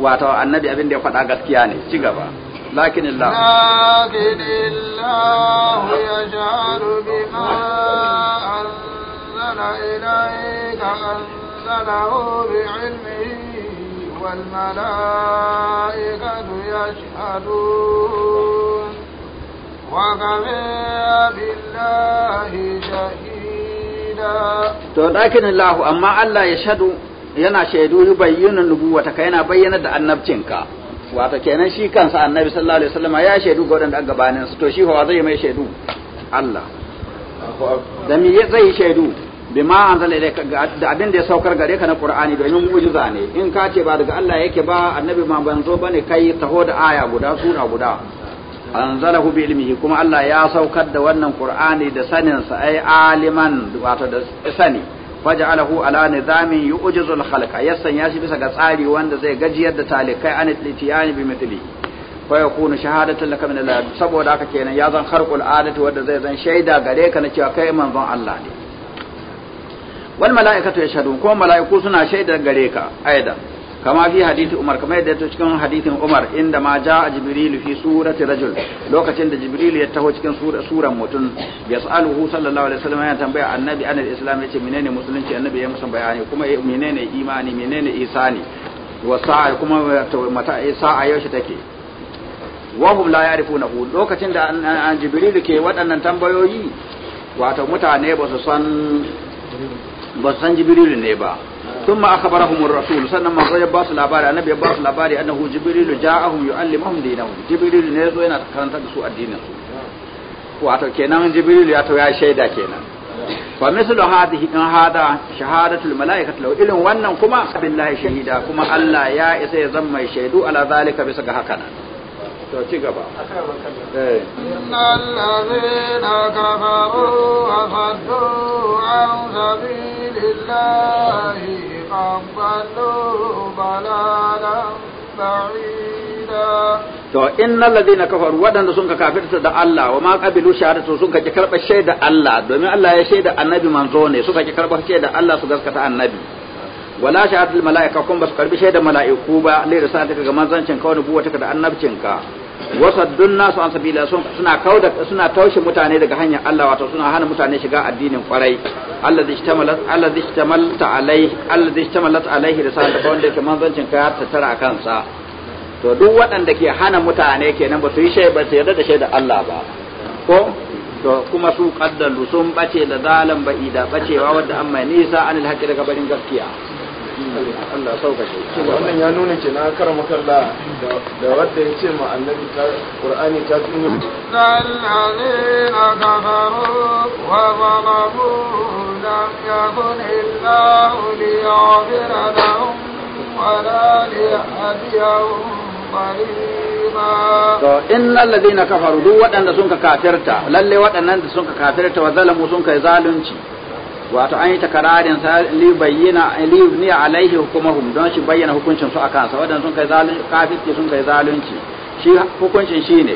wato annabi abin da ya faɗa gaskiya ne ci gaba lakin Allah lakin Allah yaj'alu bima anzala ilayka anzalahu bi'ilmihi والملائكة يشهدون وكفى بالله شهيدا توداكن الله أما الله يشهد yana shaidu yubayyinu nubuwataka yana bayyana da annabcinka wato kenan shi kansa annabi sallallahu alaihi wasallam ya shaidu ga wadanda gabanin su to shi fa zai mai shaidu Allah da me zai shaidu bima anzala ilayka da abin da ya saukar gare ka na qur'ani domin mu'jiza ne in ka ce ba daga Allah yake ba annabi ma zo bane kai taho da aya guda sura guda anzalahu bi ilmihi kuma Allah ya saukar da wannan qur'ani da sanin sa ai aliman wato da sani faj'alahu ala nizamin yu'jizu al-khalqa yasan ya bisa ga tsari wanda zai gajiyar da talikai an litiyani bi mithli fa yakunu shahadatan laka min Allah saboda haka kenan ya zan kharqul adati wanda zai zan shaida gare ka na cewa kai manzon Allah ne wal mala'ikatu yashhadun ko mala'iku suna shaidar gare ka aidan kama fi hadithi Umar kama yadda ta cikin hadithin Umar inda ma a Jibril fi surati rajul lokacin da Jibril ya taho cikin suran mutum yas'aluhu sallallahu alaihi wasallam ya tambaya annabi anil islam yace menene musulunci annabi ya musa bayani kuma menene imani menene isani wa sa'a kuma mata sa'a yaushe take wahum la hu lokacin da Jibril ke waɗannan tambayoyi wato mutane ba su san ba san jibrilu ne ba ثم اخبرهم الرسول sannan الله عليه وسلم basu labari annabi ya basu labari annahu jibrilu ja'ahum yu'allimuhum dinahum jibrilu ne yazo yana karanta da su addinin su wato kenan jibrilu ya to shaida kenan fa mislu hadhihi in hada shahadatul malaikati law ilin wannan kuma billahi shahida kuma Allah ya isa ya zama shaidu ala zalika bisa ga haka nan to ci gaba الذين كفروا وصدوا عن سبيل الله قد to innal ladina kafaru waɗanda sun ka kafirta da Allah wa ma qabilu shahadatu sun ka ki karɓar shaida Allah domin Allah ya shaida annabi manzo ne suka ki karɓar shaida Allah su gaskata annabi wala shahadatul mala'ika kun basu karbi shaidar mala'iku ba lai risalatuka ga manzancin ka wani buwataka da annabcinka wasaddun nasu an sabila suna kauda suna taushe mutane daga hanyar Allah wato suna hana mutane shiga addinin kwarai allazi ishtamalat allazi ishtamalta alaihi allazi ishtamalat alaihi risalatuka wanda yake manzancin ka ya tattara a kansa to duk waɗanda ke hana mutane kenan ba su yi shaida ba su yarda da shaida Allah ba ko to kuma su kaddalu sun bace da zalan ba'ida bacewa wadda amma nisa anil haqqi daga barin gaskiya Allah sauka shi wannan ya nuna ke na kara makalla da wadda ya ce ma annabi ta qur'ani ta tsini allazina kafaru wa zalamu lam yakun illa liyaghfir lahum wa la liyahdiyahum to innal ladina kafaru duk waɗanda sun ka kafirta lalle waɗannan da sun ka kafirta wa zalamu sun kai zalunci wato an yi takararin sa bayyana ni alaihi hukumahum don shi bayyana hukuncin su akan sa wadan sun kai zalunci kafirci sun kai zalunci shi hukuncin shine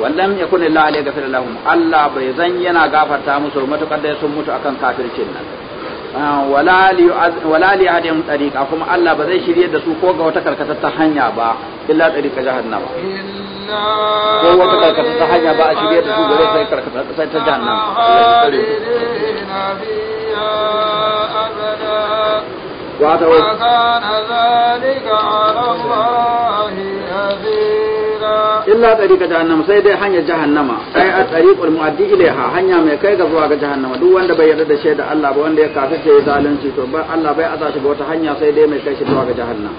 wallam yakun illa alaihi ghafir lahum Allah bai zan yana gafarta musu matukar da sun mutu akan kafircin nan ah, wala li wala li adam tariqa kuma Allah ba zai shirye da su ko ga wata karkatar ta hanya ba illa tariqa jahannama ko wata karkatar ta hanya ba a shirye da su ga wata karkatar ta jahannama wa ta a san illa dari jahannama sai dai hanya jahannama sai a dari walma a digile hanya mai kai ka fi waga jahannama duk wanda bai yarda da shaida allah ba wanda ya kashi ce zalin zalunci to ba allah bai aza ta wata hanya sai dai mai kai shi ka fi waga jahanna.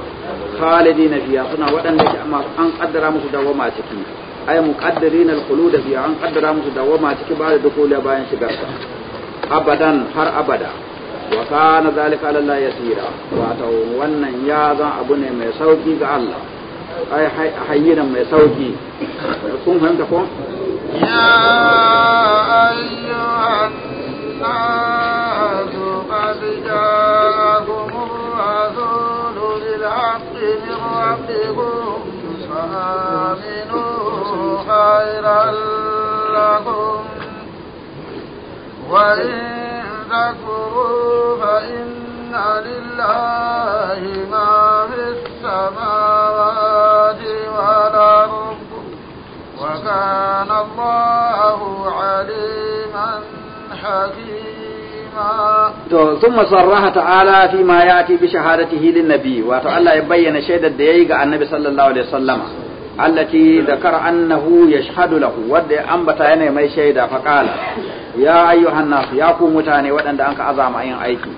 al-haduna na fiya suna waɗanda shi amma an qaddara musu da wama a ciki sai mu an qaddara musu da wama ciki ba da dukule bayan ci abadan har abada wa kana zalika ala Allah yasira wato wannan ya zan abu ne mai sauki ga Allah ai hayyina mai sauki kun fahimta ko ya ayyuhan nasu qad ja'akum وإن تكفروا فإن لله ما في السماوات والأرض وكان الله عليما حكيما to sun masarraha ta'ala fi ma yati bi shahadatihi lin nabi wato Allah ya bayyana shaidar da yayi ga annabi sallallahu allati zakara annahu yashhadu lahu wanda ya ambata yana mai shaida fa qala ya ayyuhan nas ya ku mutane waɗanda anka azama yin aiki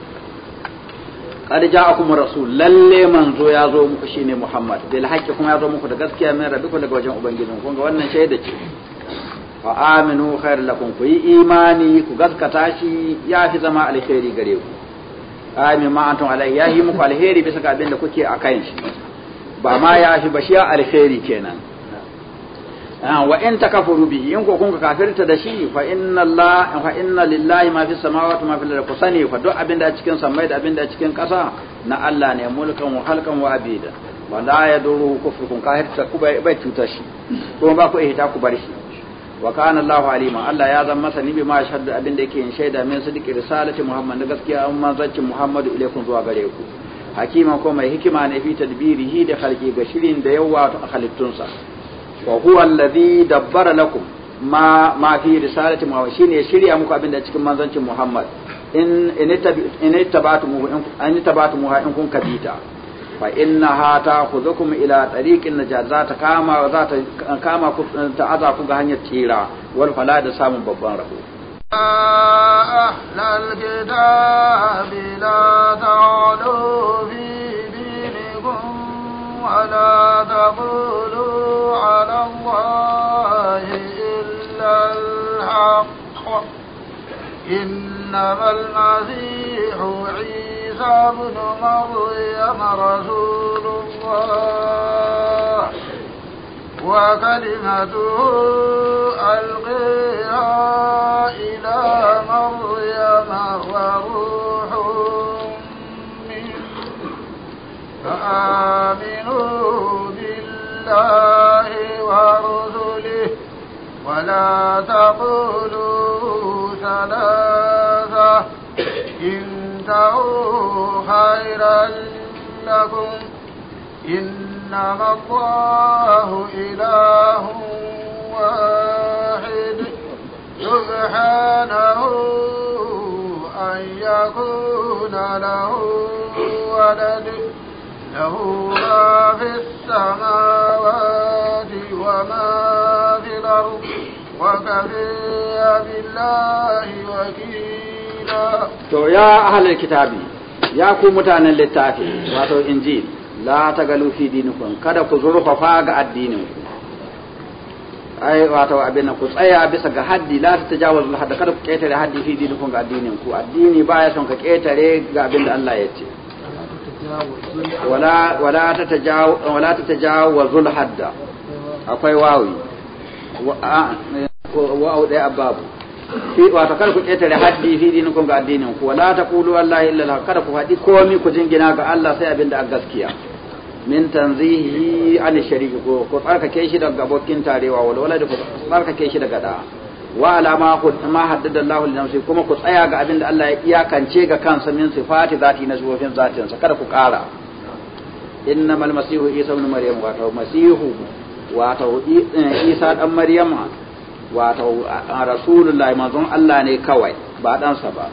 qad ja'akum rasul lalle zo ya zo muku shine muhammad bil haqqi kuma ya zo muku da gaskiya min rabbikum daga wajen ubangijin kun ga wannan shaida ce fa aminu khair lakum ku yi imani ku gaskata shi ya fi zama alheri gare ku amin ma antum alai ya yi muku alheri bisa ga abin da kuke akan shi ba ma ya fi ba shi alkhairi kenan ah, wa in takafuru bihi in ko kun ka kafirta da shi fa inna Allah fa inna lillahi ma fi samawati ma fi al ku sani fa duk abinda a cikin samai da abinda a cikin kasa na Allah ne mulkan wa halkan wa abida wa la yaduru kufrukum kafirta ku bai cuta shi kuma ba ku ihta ku bar shi wa kana Allahu alima Allah ya zama masani bi ma shaddu abin yake yin shaida min sadiqi risalati Muhammad da gaskiya an manzancin Muhammadu ilaikum zuwa gare ku hakima ko mai hikima ne fi tadbirihi da khalqi ga shirin da yawa ta halittunsa wa huwa alladhi dabbara lakum ma ma fi risalati mu shine shirya muku abinda cikin manzancin Muhammad in in tabatumuhu in tabatumuha in kun kabita fa innaha ta'khudhukum ila tariqin najat za ta kama za ta kama ku ta'aza ku ga hanyar tira wal fala da samun babban rabo أهل الكتاب لا تعلوا في دينكم ولا تقولوا على الله إلا الحق إنما المسيح عيسى بن مريم رسول الله وكلمة ألقيها إلى مريم وروح فآمنوا بالله ورسله ولا تقولوا ثلاثة انتهوا خيرا لكم إنما الله إله واحد سبحانه أن يكون له ولد له ما في السماوات وما في الأرض وكفي بالله وكيلا. To ya ahlul kitabi ya ku mutanen littafi wato injil la ta galu fi kun kada ku zurfafa ga addinin ku ai wato abin ku tsaya bisa ga haddi la ta tajawuz al hadd kada ku ketare haddi fi kun ga addinin ku addini baya son ka ketare ga abin da Allah ya ce wala wala ta tajawuz wala ta al hadda akwai wawi wa au dai ababu fi wato kada ku ketare haddi fi kun ga addinin ku wala qulu wallahi illa kada ku hadi komi ku jingina ga Allah sai abin da a gaskiya min tanzihi an shariki ko ko tsarkake shi daga abokin tarewa wal walad ku tsarkake shi daga da wa alama ku ma haddada Allahu li nafsi kuma ku tsaya ga abinda Allah ya iyakance ga kansa min sifati zati na zuwafin zatin sa kada ku ƙara innamal masihu isa ibn maryam wato masihu wato eh, isa dan maryama wato rasulullahi manzon Allah ne kawai ba dan sa ba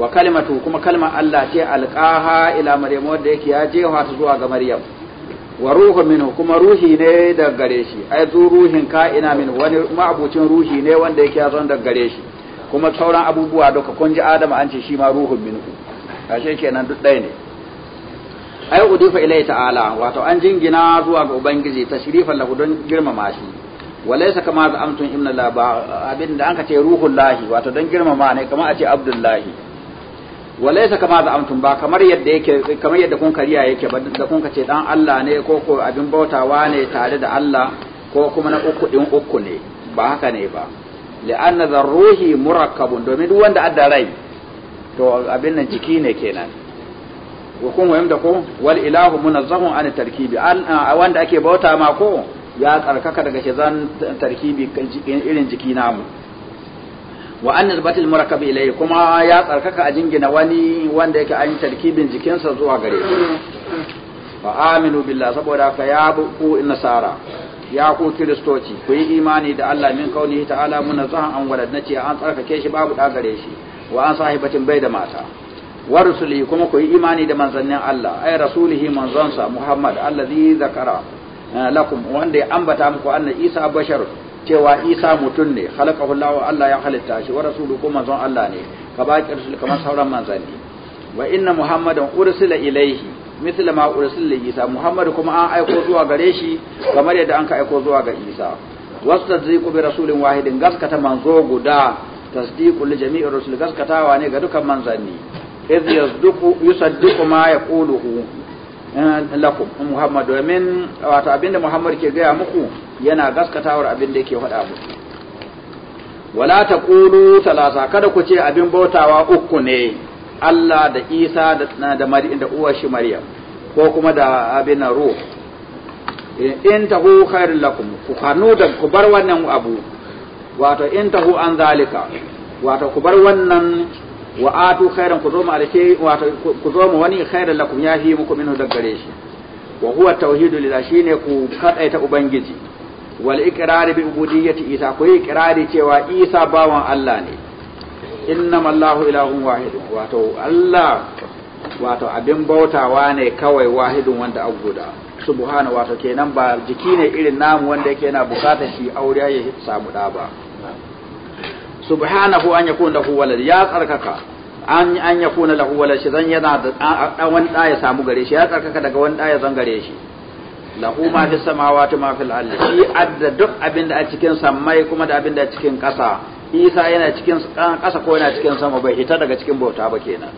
wa kalimatu kuma kalmar Allah ce alqaha ila maryam wanda yake ya jefa ta zuwa ga maryam wa ruhu minhu kuma ruhi ne daga gare shi ai zu ruhin ka'ina min wani ma'abucin ruhi ne wanda yake zon daga gare shi kuma sauran abubuwa duka kun ji adama an ce shi ma ruhun minhu ashe kenan duk ɗaya ne ai udifa ilai ta'ala wato an jingina zuwa ga ubangiji tashrifan lahu don girmama shi walaysa kama za amtun ibn la ba abin da anka ce ruhullahi lahi wato don girmama ne kama a ce abdullahi walaysa kama da amtum ba kamar yadda yake kamar yadda kun kariya yake ba da kun kace dan Allah ne ko ko abin bautawa ne tare da Allah ko kuma na uku din uku ne ba haka ne ba li'anna zarruhi murakkabun domin duk wanda adda rai to abin nan jiki ne kenan wa kun wayam da ko wal ilahu munazzahun an tarkibi an wanda ake bauta ma ko ya tsarkaka daga shi zan tarkibi irin jiki namu wa an nisbatil murakkab ilayhi kuma ya tsarkaka a jingina wani wanda yake an tarkibin jikinsa zuwa gare shi fa aminu billahi saboda ka ya ku nasara ya ku kiristoci ku yi imani da Allah min kauni ta'ala munazzahan an waladna ce an tsarkake shi babu da gare shi wa an sahibatin bai da mata wa rusuli kuma ku yi imani da manzannin Allah ay rasulihi manzansa Muhammad allazi zakara eh, lakum wanda ya ambata muku anna Isa bashar cewa isa mutum ne halakahu Allah Allah ya halitta shi wa rasulu ko manzon Allah ne ka ba rasul kamar sauran manzanni wa inna muhammadan ursila ilaihi mithla ma ursila isa muhammad kuma an aiko zuwa gare shi kamar yadda an ka aiko zuwa ga isa wastadriqu bi rasulin wahidin gaskata manzo guda tasdiqu li jami'i rusul gaskatawa ne ga dukan manzanni iz yasduqu yusaddiqu ma yaquluhu eh, lakum muhammad domin wato abinda muhammad ke gaya muku yana gaskatawar abin da yake faɗa muku wala taqulu talasa kada ku ce abin bautawa uku ne Allah da Isa da da Maryam da uwar shi Maryam ko kuma da abin ruh eh, in tahu khairul lakum ku hanu da ku bar wannan abu wato in tahu an zalika wato ku bar wannan wa atu khairan ku zo mu alke wato ku zo mu wani khairul lakum yahi muku da gare shi wa huwa tauhidu lillahi shine ku kadaita ubangiji wal iqrar bi ubudiyyati isa ko iqrari cewa isa bawan Allah ne innamal lahu ilahun wahidun wato Allah wato abin bautawa ne kawai wahidun wanda an guda subhanahu wato kenan ba jiki ne irin namu wanda yake yana bukatar shi aure ya samu da ba subhanahu an da lahu walad ya tsarkaka an an yakuna lahu walad shi zan yana da wani da ya samu gare shi ya tsarkaka daga wani da ya zan gare shi lahu ma fi samawati ma fil ardi shi adda duk abin da a cikin samai kuma da abin da a cikin ƙasa isa yana cikin ƙasa ko yana cikin sama bai hita daga cikin bauta ba kenan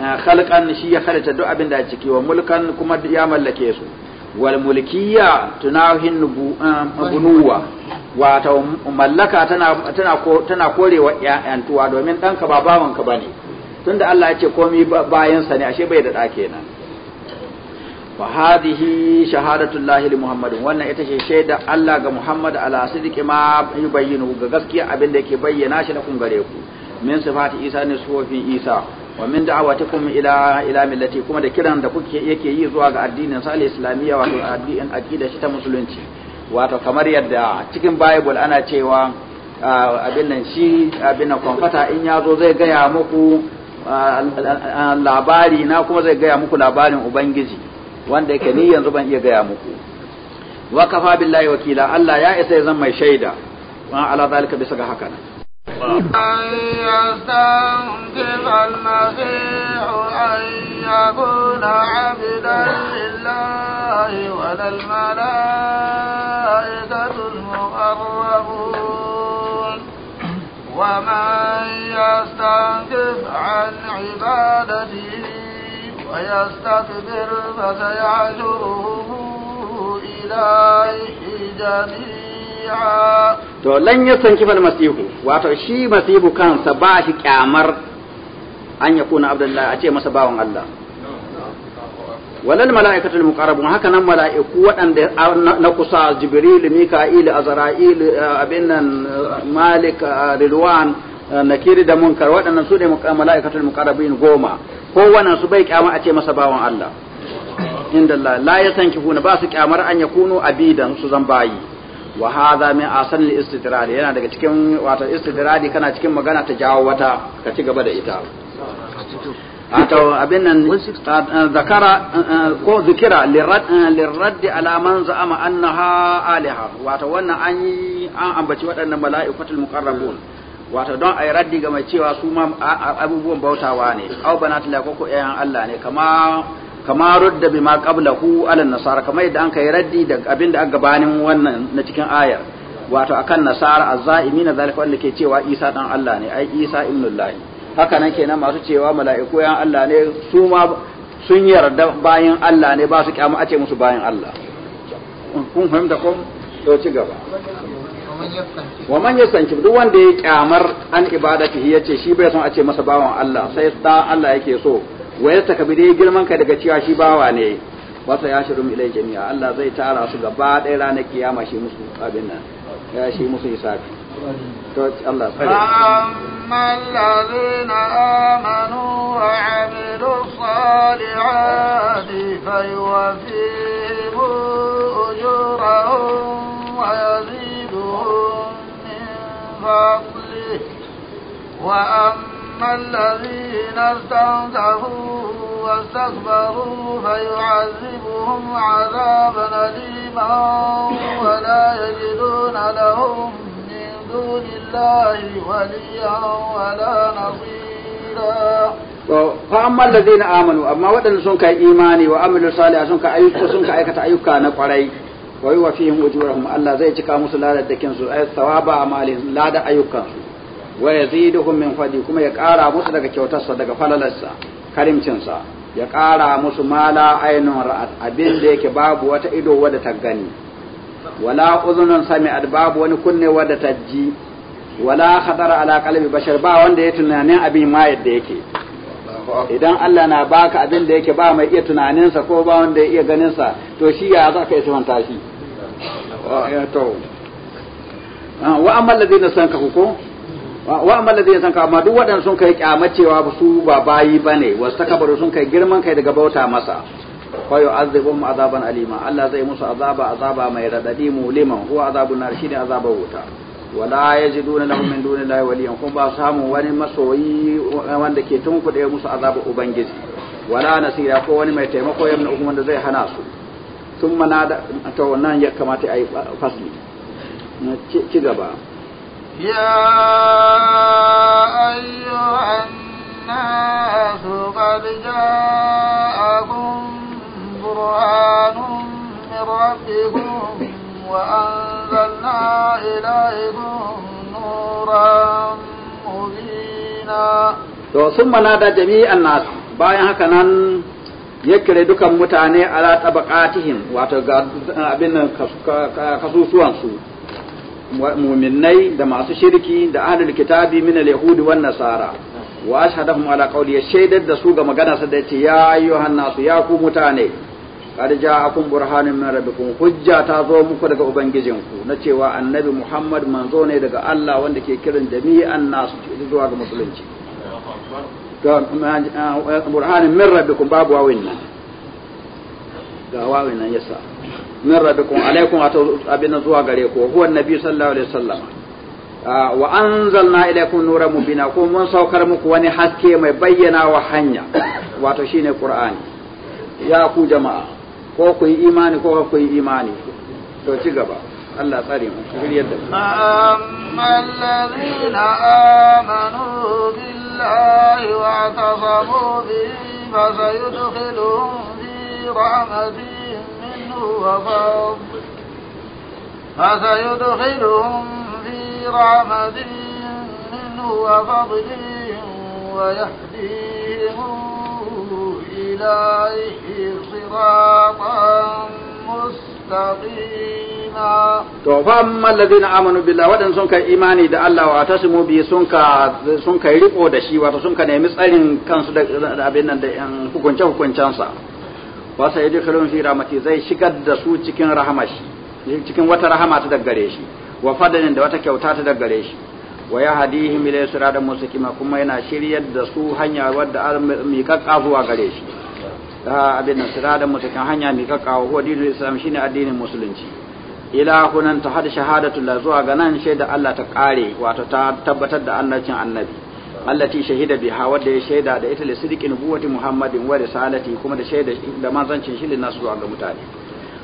eh, khalqan shi ya halitta duk abin da a ciki wa mulkan kuma ya mallake su wal mulkiya tunahin eh, bunuwa wato mallaka tana tana tana korewa yantuwa domin danka ba bawanka bane tunda Allah ya ce komai bayansa ne ashe bai da ɗa kenan wa hadihi shahadatu llahi li muhammadin wannan ita ce shaida Allah ga Muhammad ala sidqi ma yubayyinu ga gaskiya abin da yake bayyana shi na kun gare ku min sifati Isa ne sufofin Isa wa min da'awatikum ila ila millati kuma da kiran da kuke yake yi zuwa ga addinin sa al-islamiyya wato addinin aqida shi ta musulunci wato kamar yadda cikin bible ana cewa abin nan shi abin nan kwamfata in ya zo zai gaya muku labari na kuma zai gaya muku labarin ubangiji wanda yake ni yanzu ban iya gaya muku wa kafa billahi wakila Allah ya isa ya zan mai shaida wa ala zalika bisa ga haka nan أن يستنكف المسيح ومن يستنكف عن عبادته ويستكبر فسيحشرهم إليه جميعا to lan yasan kifal masihu wato shi masihu kansa ba shi kyamar an ya kuna abdullahi a ce masa bawan Allah walal mala'ikatul muqarrabun haka nan mala'iku waɗanda na kusa jibril mika'il azra'il abin nan malik rilwan nakiri da munkar waɗannan su ne mala'ikatul muqarrabin goma kowannen su bai kyama a ce masa bawan Allah inda Allah la yasankihuna ba su kyamar an kunu abidan su zan bayi wa hadha min asan al yana daga cikin wato istidradi kana cikin magana ta jawo wata ka ci gaba da ita wato abin nan zakara ko zikira lirraddi ala man za'ama annaha Aliha wato wannan an yi an ambaci waɗannan mala'ikatul muqarrabun wato don a yi raddi ga mai cewa su ma abubuwan bautawa ne au banat la koko ayan Allah ne kama kama rudda bima qablahu ala nasara kama yadda an kai raddi da abin da gabanin wannan na cikin ayar wato akan nasara azzaimina zalika wanda ke cewa Isa dan Allah ne ai Isa ibnullahi haka nan kenan masu cewa mala'iku ayan Allah ne su ma sun yarda bayan Allah ne ba su kyamu a ce musu bayan Allah kun fahimta ko to ci gaba wa man yastanki duk wanda ya kyamar an ibadatihi yace shi bai son a ce masa bawan Allah sai da Allah yake so wa yastakbiri girman kai daga cewa shi bawa ne wasa ya shirum ilai jami'a Allah zai tara su gaba ɗaya ranar kiyama shi musu abin ya shi musu hisabi amma allazina amanu wa amilu salihati fayuwaffihim ujurahum من فضله وأما الذين استنزفوا واستكبروا فيعذبهم عذابا أليما ولا يجدون لهم من دون الله وليا ولا نصيرا fa'amman da zai na amanu amma waɗanda sun ka imani wa amilu saliha sun ka aikata ayyuka na ƙwarai wa fihim ujurahum Allah zai cika musu da su ay thawaba amalin lada ayyukan su wa yaziduhum min fadli kuma ya ƙara musu daga kyautarsa daga falalarsa karimcinsa ya ƙara musu mala ainun ra'at abin da yake babu wata ido wadda ta gani wala uzunun sami'at babu wani kunne wadda ta ji wala khatara ala qalbi bashar ba wanda ya tunanin abin ma yadda yake idan Allah na baka abin da yake ba mai iya tunaninsa ko ba wanda ya iya ganinsa to shi ya za ka isa manta shi to wa amma alladhina sankahu ko wa amma alladhina sankahu amma duk waɗanda sun kai kyamacewa su ba bayi bane wastakbaru sun kai girman kai daga bauta masa fa yu'adhibuhum azaban alima Allah zai musu azaba azaba mai radadi muliman huwa azabun nar shine azabar wuta wala yajiduna lahum min dunillahi waliyan kun ba samu wani masoyi wanda ke tunkuɗe musu azabar ubangiji wala nasira ko wani mai taimako yamna wanda zai hana su sun mana da ta wannan ya kamata fasli na ci gaba ya anna rabbikum wa nuran to sun mana da jami'an nasu bayan haka nan yakire dukan mutane ala tabaqatihim wato ga uh, abin nan kasusuwan su mu'minnai da masu shirki da ahlul kitabi min al-yahudi wan nasara wa ashhadahum ala qawli shaidar da su ga magana sa da yace ya ayyuhan nasu ya ku mutane qad ja'akum burhanun min rabbikum hujja ta zo muku daga ku na cewa annabi muhammad manzo ne daga Allah wanda ke kiran jami'an nasu zuwa ga musulunci burhanin min ربكم babu wawin nan ga wawin nan yasa min rabbikum alaikum wato abin zuwa gare ku huwa nabi sallallahu alaihi wasallam wa anzalna ilaikum nuran mubina ko mun saukar muku wani haske mai bayyana wa hanya wato shine qur'ani ya ku jama'a ko ku yi imani ko ku imani to ci gaba الله طريقه أما الذين آمنوا بالله واعتصموا به فسيدخلهم في رحمة منه وفضل فسيدخلهم في رحمة منه وفضل ويهديهم إليه صراطا مستقيما tofan to fa ammal ladina amanu billahi wadan sun kai imani da Allah wa tasmu bi sun sun kai riko da shi wato sun kai nemi tsarin kansu da abin nan da yan hukunce hukuncansa wa sai yadkhulun fi rahmati zai shigar da su cikin rahamashi cikin wata rahama ta daggare shi wa fadanin da wata kyauta ta daggare shi wa ya hadihim ila siratan mustaqima kuma yana shiryar da su hanya wadda al miƙaƙa zuwa gare shi abin nan da mutakan hanya mai kakkawa ko dinin islam shine addinin musulunci ila hunan ta hada shahadatu la zuwa ga nan shaida Allah ta kare wato ta tabbatar da Allah annabi allati shahida biha wanda ya shaida da ita da sirikin nubuwati muhammadin wa risalati kuma da shaida da manzancin shi linnas zuwa ga mutane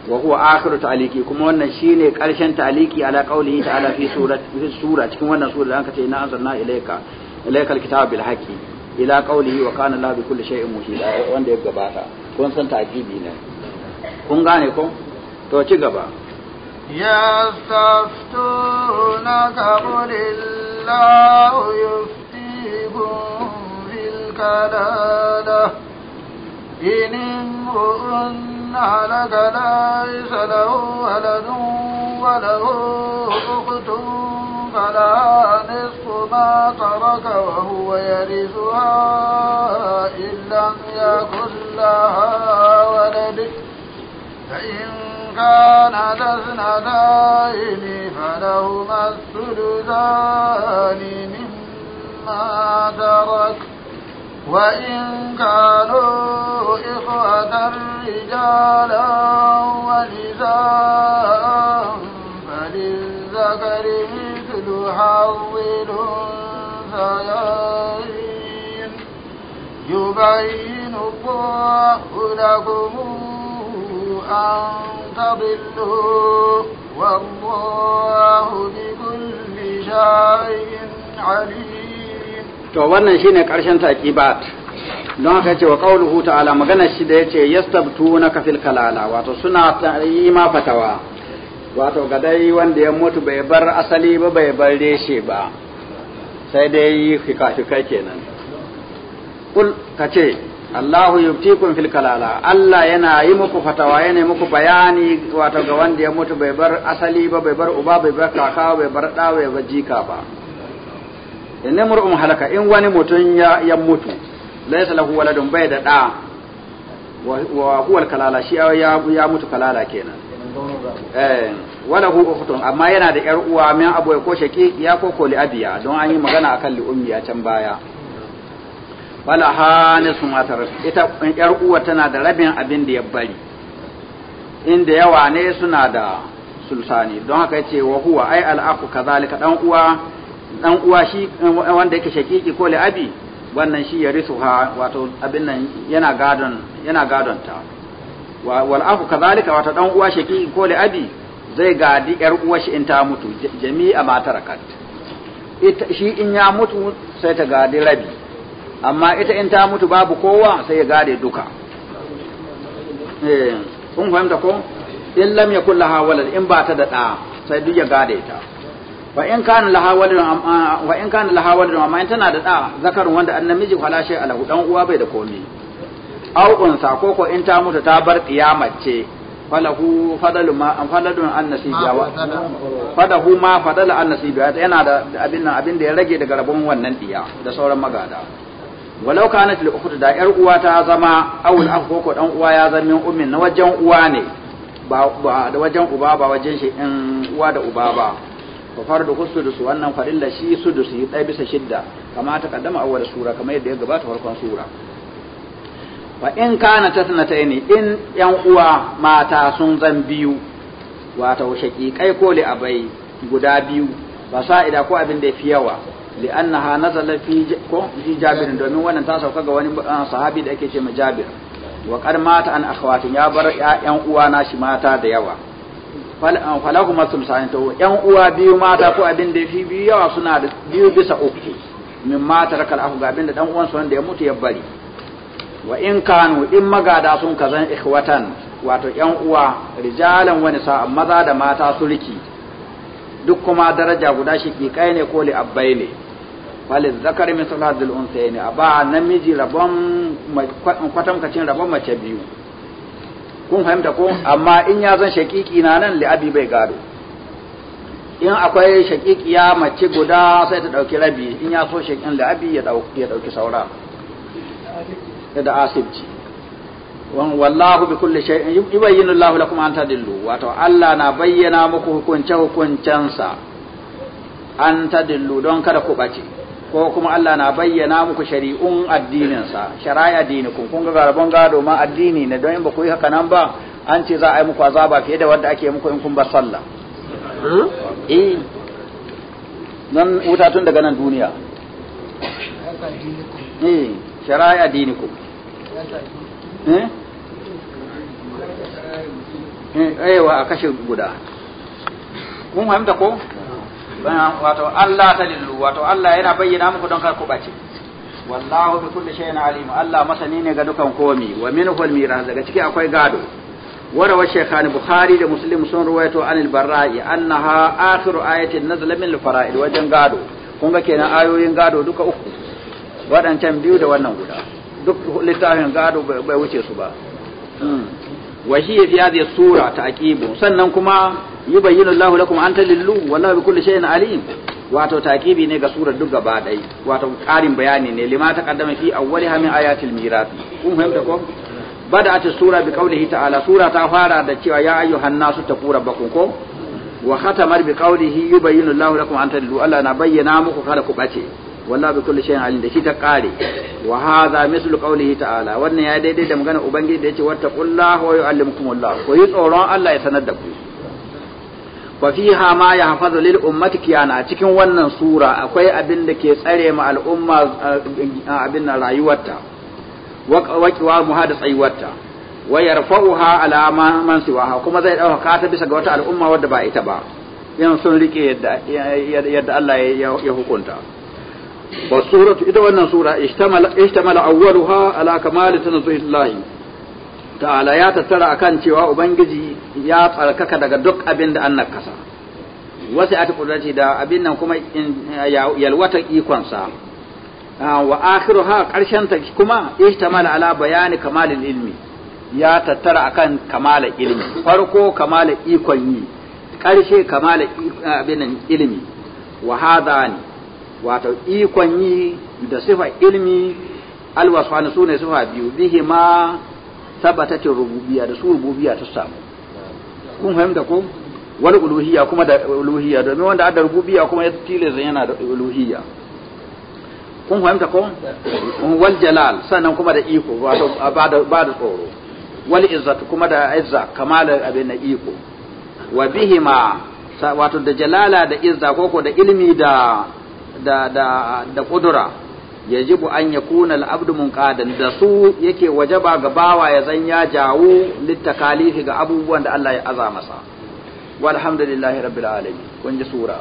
wa huwa akhiru ta'liqi kuma wannan shine karshen ta'liqi ala qawlihi ta'ala fi surati sura cikin wannan sura da anka ce na anzalna ilayka ilaykal kitaba bil haqqi ila qawlihi wa kana la bi kulli shay'in muhida eh, wanda ya gabata kun san ta'jibi ne kun gane ko to ci gaba yastaftunaka qulillahu yuftikum fil bil in imru'un halaka laysa lahu waladun wa lahu ukhtun فلها نصف ما ترك وهو يرثها إن لم يكن لها ولد فإن كانت اثنتين فلهما الثلثان مما ترك وإن كانوا إخوة رجالا ونساء فللذكر ويحولهم بيان يبين الله لكم أن تضلوا والله بكل شيء عليم to wannan shine karshen taqibat don haka yace wa qawluhu ta'ala magana shi da yace yastabtunaka fil kalala wato suna yi ma fatawa wato ga dai wanda ya mutu bai bar asali ba bai bar reshe ba sai dai yi fika-fikai kenan kul ka ce Allahu yubtikum fil kalala Allah yana yi muku fatawa yana muku bayani wato ga wanda ya mutu bai bar asali ba bai bar uba bai bar kaka bai bar da bai bar jika ba in mur'um halaka in wani mutum ya ya mutu laysa lahu waladun bai da da wa huwa kalala shi ya ya mutu kalala kenan Eh, wala hu ukhtun amma yana da yar uwa min abu ko ya ko ko abiya don an yi magana akan liummiya can baya wala hanis atar ita yar uwa tana da rabin abin da ya bari inda yawa ne suna da sulsani don haka yace wa huwa ai al akhu kazalika dan uwa dan uwa shi wanda yake shakiki ko abi wannan shi ya risuha wato abin nan yana gadon yana gadon ta wal afu kazalika wata dan uwa shi ko li abi zai gadi yar uwa shi in ta mutu jami'a ma tarakat ita shi in ya mutu sai ta gadi rabi amma ita in ta mutu babu kowa sai ya gade duka eh kun fahimta ko in lam yakul laha walad in ba ta da da sai duk ya gade ta wa in kana laha walad wa in kana laha walad amma in tana da da zakarun wanda annamiji wala shay alahu dan uwa bai da komai aw unsa ko ko in ta mutu ta bar qiyamace falahu fadalu ma an faladun an nasibiya wa fadahu ma fadala an nasibiya yana da abin nan abin da ya rage daga rabon wannan diya da sauran magada walau kanat li ukhti da yar uwa ta zama awul akh ko dan uwa ya zama ummin na wajen uwa ne ba da wajen uba ba wajen shi in uwa da uba ba fa fardu su wannan da shi yi dai bisa shidda kamar ta kaddama awwal sura kamar yadda ya gabata farkon sura wa in kana tasnataini in yan uwa mata sun zan biyu wato kai ko li abai guda biyu ba sa ida ko abin da yafi yawa li'annaha nazala fi ko fi jabir domin wannan ta sauka ga wani sahabi da ake ce ma jabir wa kar mata an akhwatin ya bar yan uwa na shi mata da yawa falahu masum sa'in to yan uwa biyu mata ko abin da yafi biyu yawa suna da biyu bisa uku min mata rakal afu ga abin da dan su wanda ya mutu ya bari wa in kanu in magada sun kazan ikhwatan wato yan uwa rijalan wani sa'a maza da mata sulki duk kuma daraja guda shi kai ne ko li abbai ne walil zakari min saladul unsayni aba namiji rabon kacin rabon mace biyu kun fahimta ko amma in ya zan shakiki na nan li abi bai gado in akwai shakikiya mace guda sai ta dauki rabi in ya so shakin li abi ya dauki saura da asibci wallahu bi kulli shay'in yubayyinu Allahu lakum an tadillu wato Allah na bayyana muku hukunce hukuncensa an tadillu don kada ku bace ko kuma Allah na bayyana muku shari'un addininsa shari'a addini kun ga garban gado ma addini ne don in ba ku yi haka nan ba an ce za a yi muku azaba fiye da wanda ake muku in kun ba sallah hmm? eh nan wuta tun daga nan duniya eh shara'i adinikum eh aiwa a kashe guda kun ko wato Allah ta lillu wato Allah yana bayyana muku don kar ku bace wallahu bi kulli shay'in alim Allah masani ne ga dukan komi wa daga ciki akwai gado wara wa shaykhan bukhari da muslim sun ruwaito anil barra'i annaha akhiru ayatin nazala min al fara'id wajen gado kun ga kenan ayoyin gado duka uku waɗancan biyu da wannan guda duk littafin gado bai wuce su ba hmm. wa hiya sura taqibu sannan kuma bayyana Allah lakum an talillu wallahu bi kulli shay'in alim wato taqibi ne ga surar duk gaba dai wato ƙarin bayani ne lima taqaddama fi awwaliha min ayatil mirath kun fahimta ko cewa ya بقوله تعالى سورة تفارة دتشوا يا أيها الناس تقول ربكم Allah بقوله an ta لكم Allah na bayyana نبين نامك ku بأتي wallahi bi kulli shay'in alim da shi ta kare wa hadha mislu qawlihi ta'ala wannan ya daidai da magana ubangiji da yace wattaqullaha wa yu'allimukumullah ko yi tsoron Allah ya sanar da ku wa fiha ma yahfazu lil ummati kiyana cikin wannan sura akwai abin da ke tsare ma al'umma eh, abin na rayuwarta wa qiwa muhada tsayuwarta wa yarfa'uha ala man siwaha kuma zai dauka ta bisa ga wata al'umma wadda ba ita ba yan sun rike yadda yadda Allah ya hukunta wa suratu ita wannan sura ishtamala ishtamala awwaluha ala kamali tanzuhillahi ta'ala ya tattara akan cewa ubangiji ya tsarkaka daga duk abin da annan kasa wasu a tukudarci da abin nan kuma yalwatar ikonsa wa akhiru ha karshen ta kuma ishtamala ala bayani kamalin ilmi ya tattara akan kamala ilmi farko kamala ikon yi karshe kamala abin ilmi wa hadani wato ikon yi da sifa ilmi alwasfani su ne sifa biyu bihi ma tabbatatin rububiya da su rububiya ta samu kun fahimta ko wani uluhiyya kuma da uluhiyya domin wanda adda rububiyya kuma ya tilasta yana da uluhiyya kun fahimta ko wal jalal sannan kuma da iko wato ba da tsoro wal izzatu kuma da izza kamala abin na iko wa bihi ma wato da jalala da izza koko da ilmi da da da da kudura yajibu an ya al-abdu munqadan da su yake wajaba ga bawa ya zan ya jawo littakalifi ga abubuwan da Allah ya aza masa walhamdulillahi rabbil alamin kun ji sura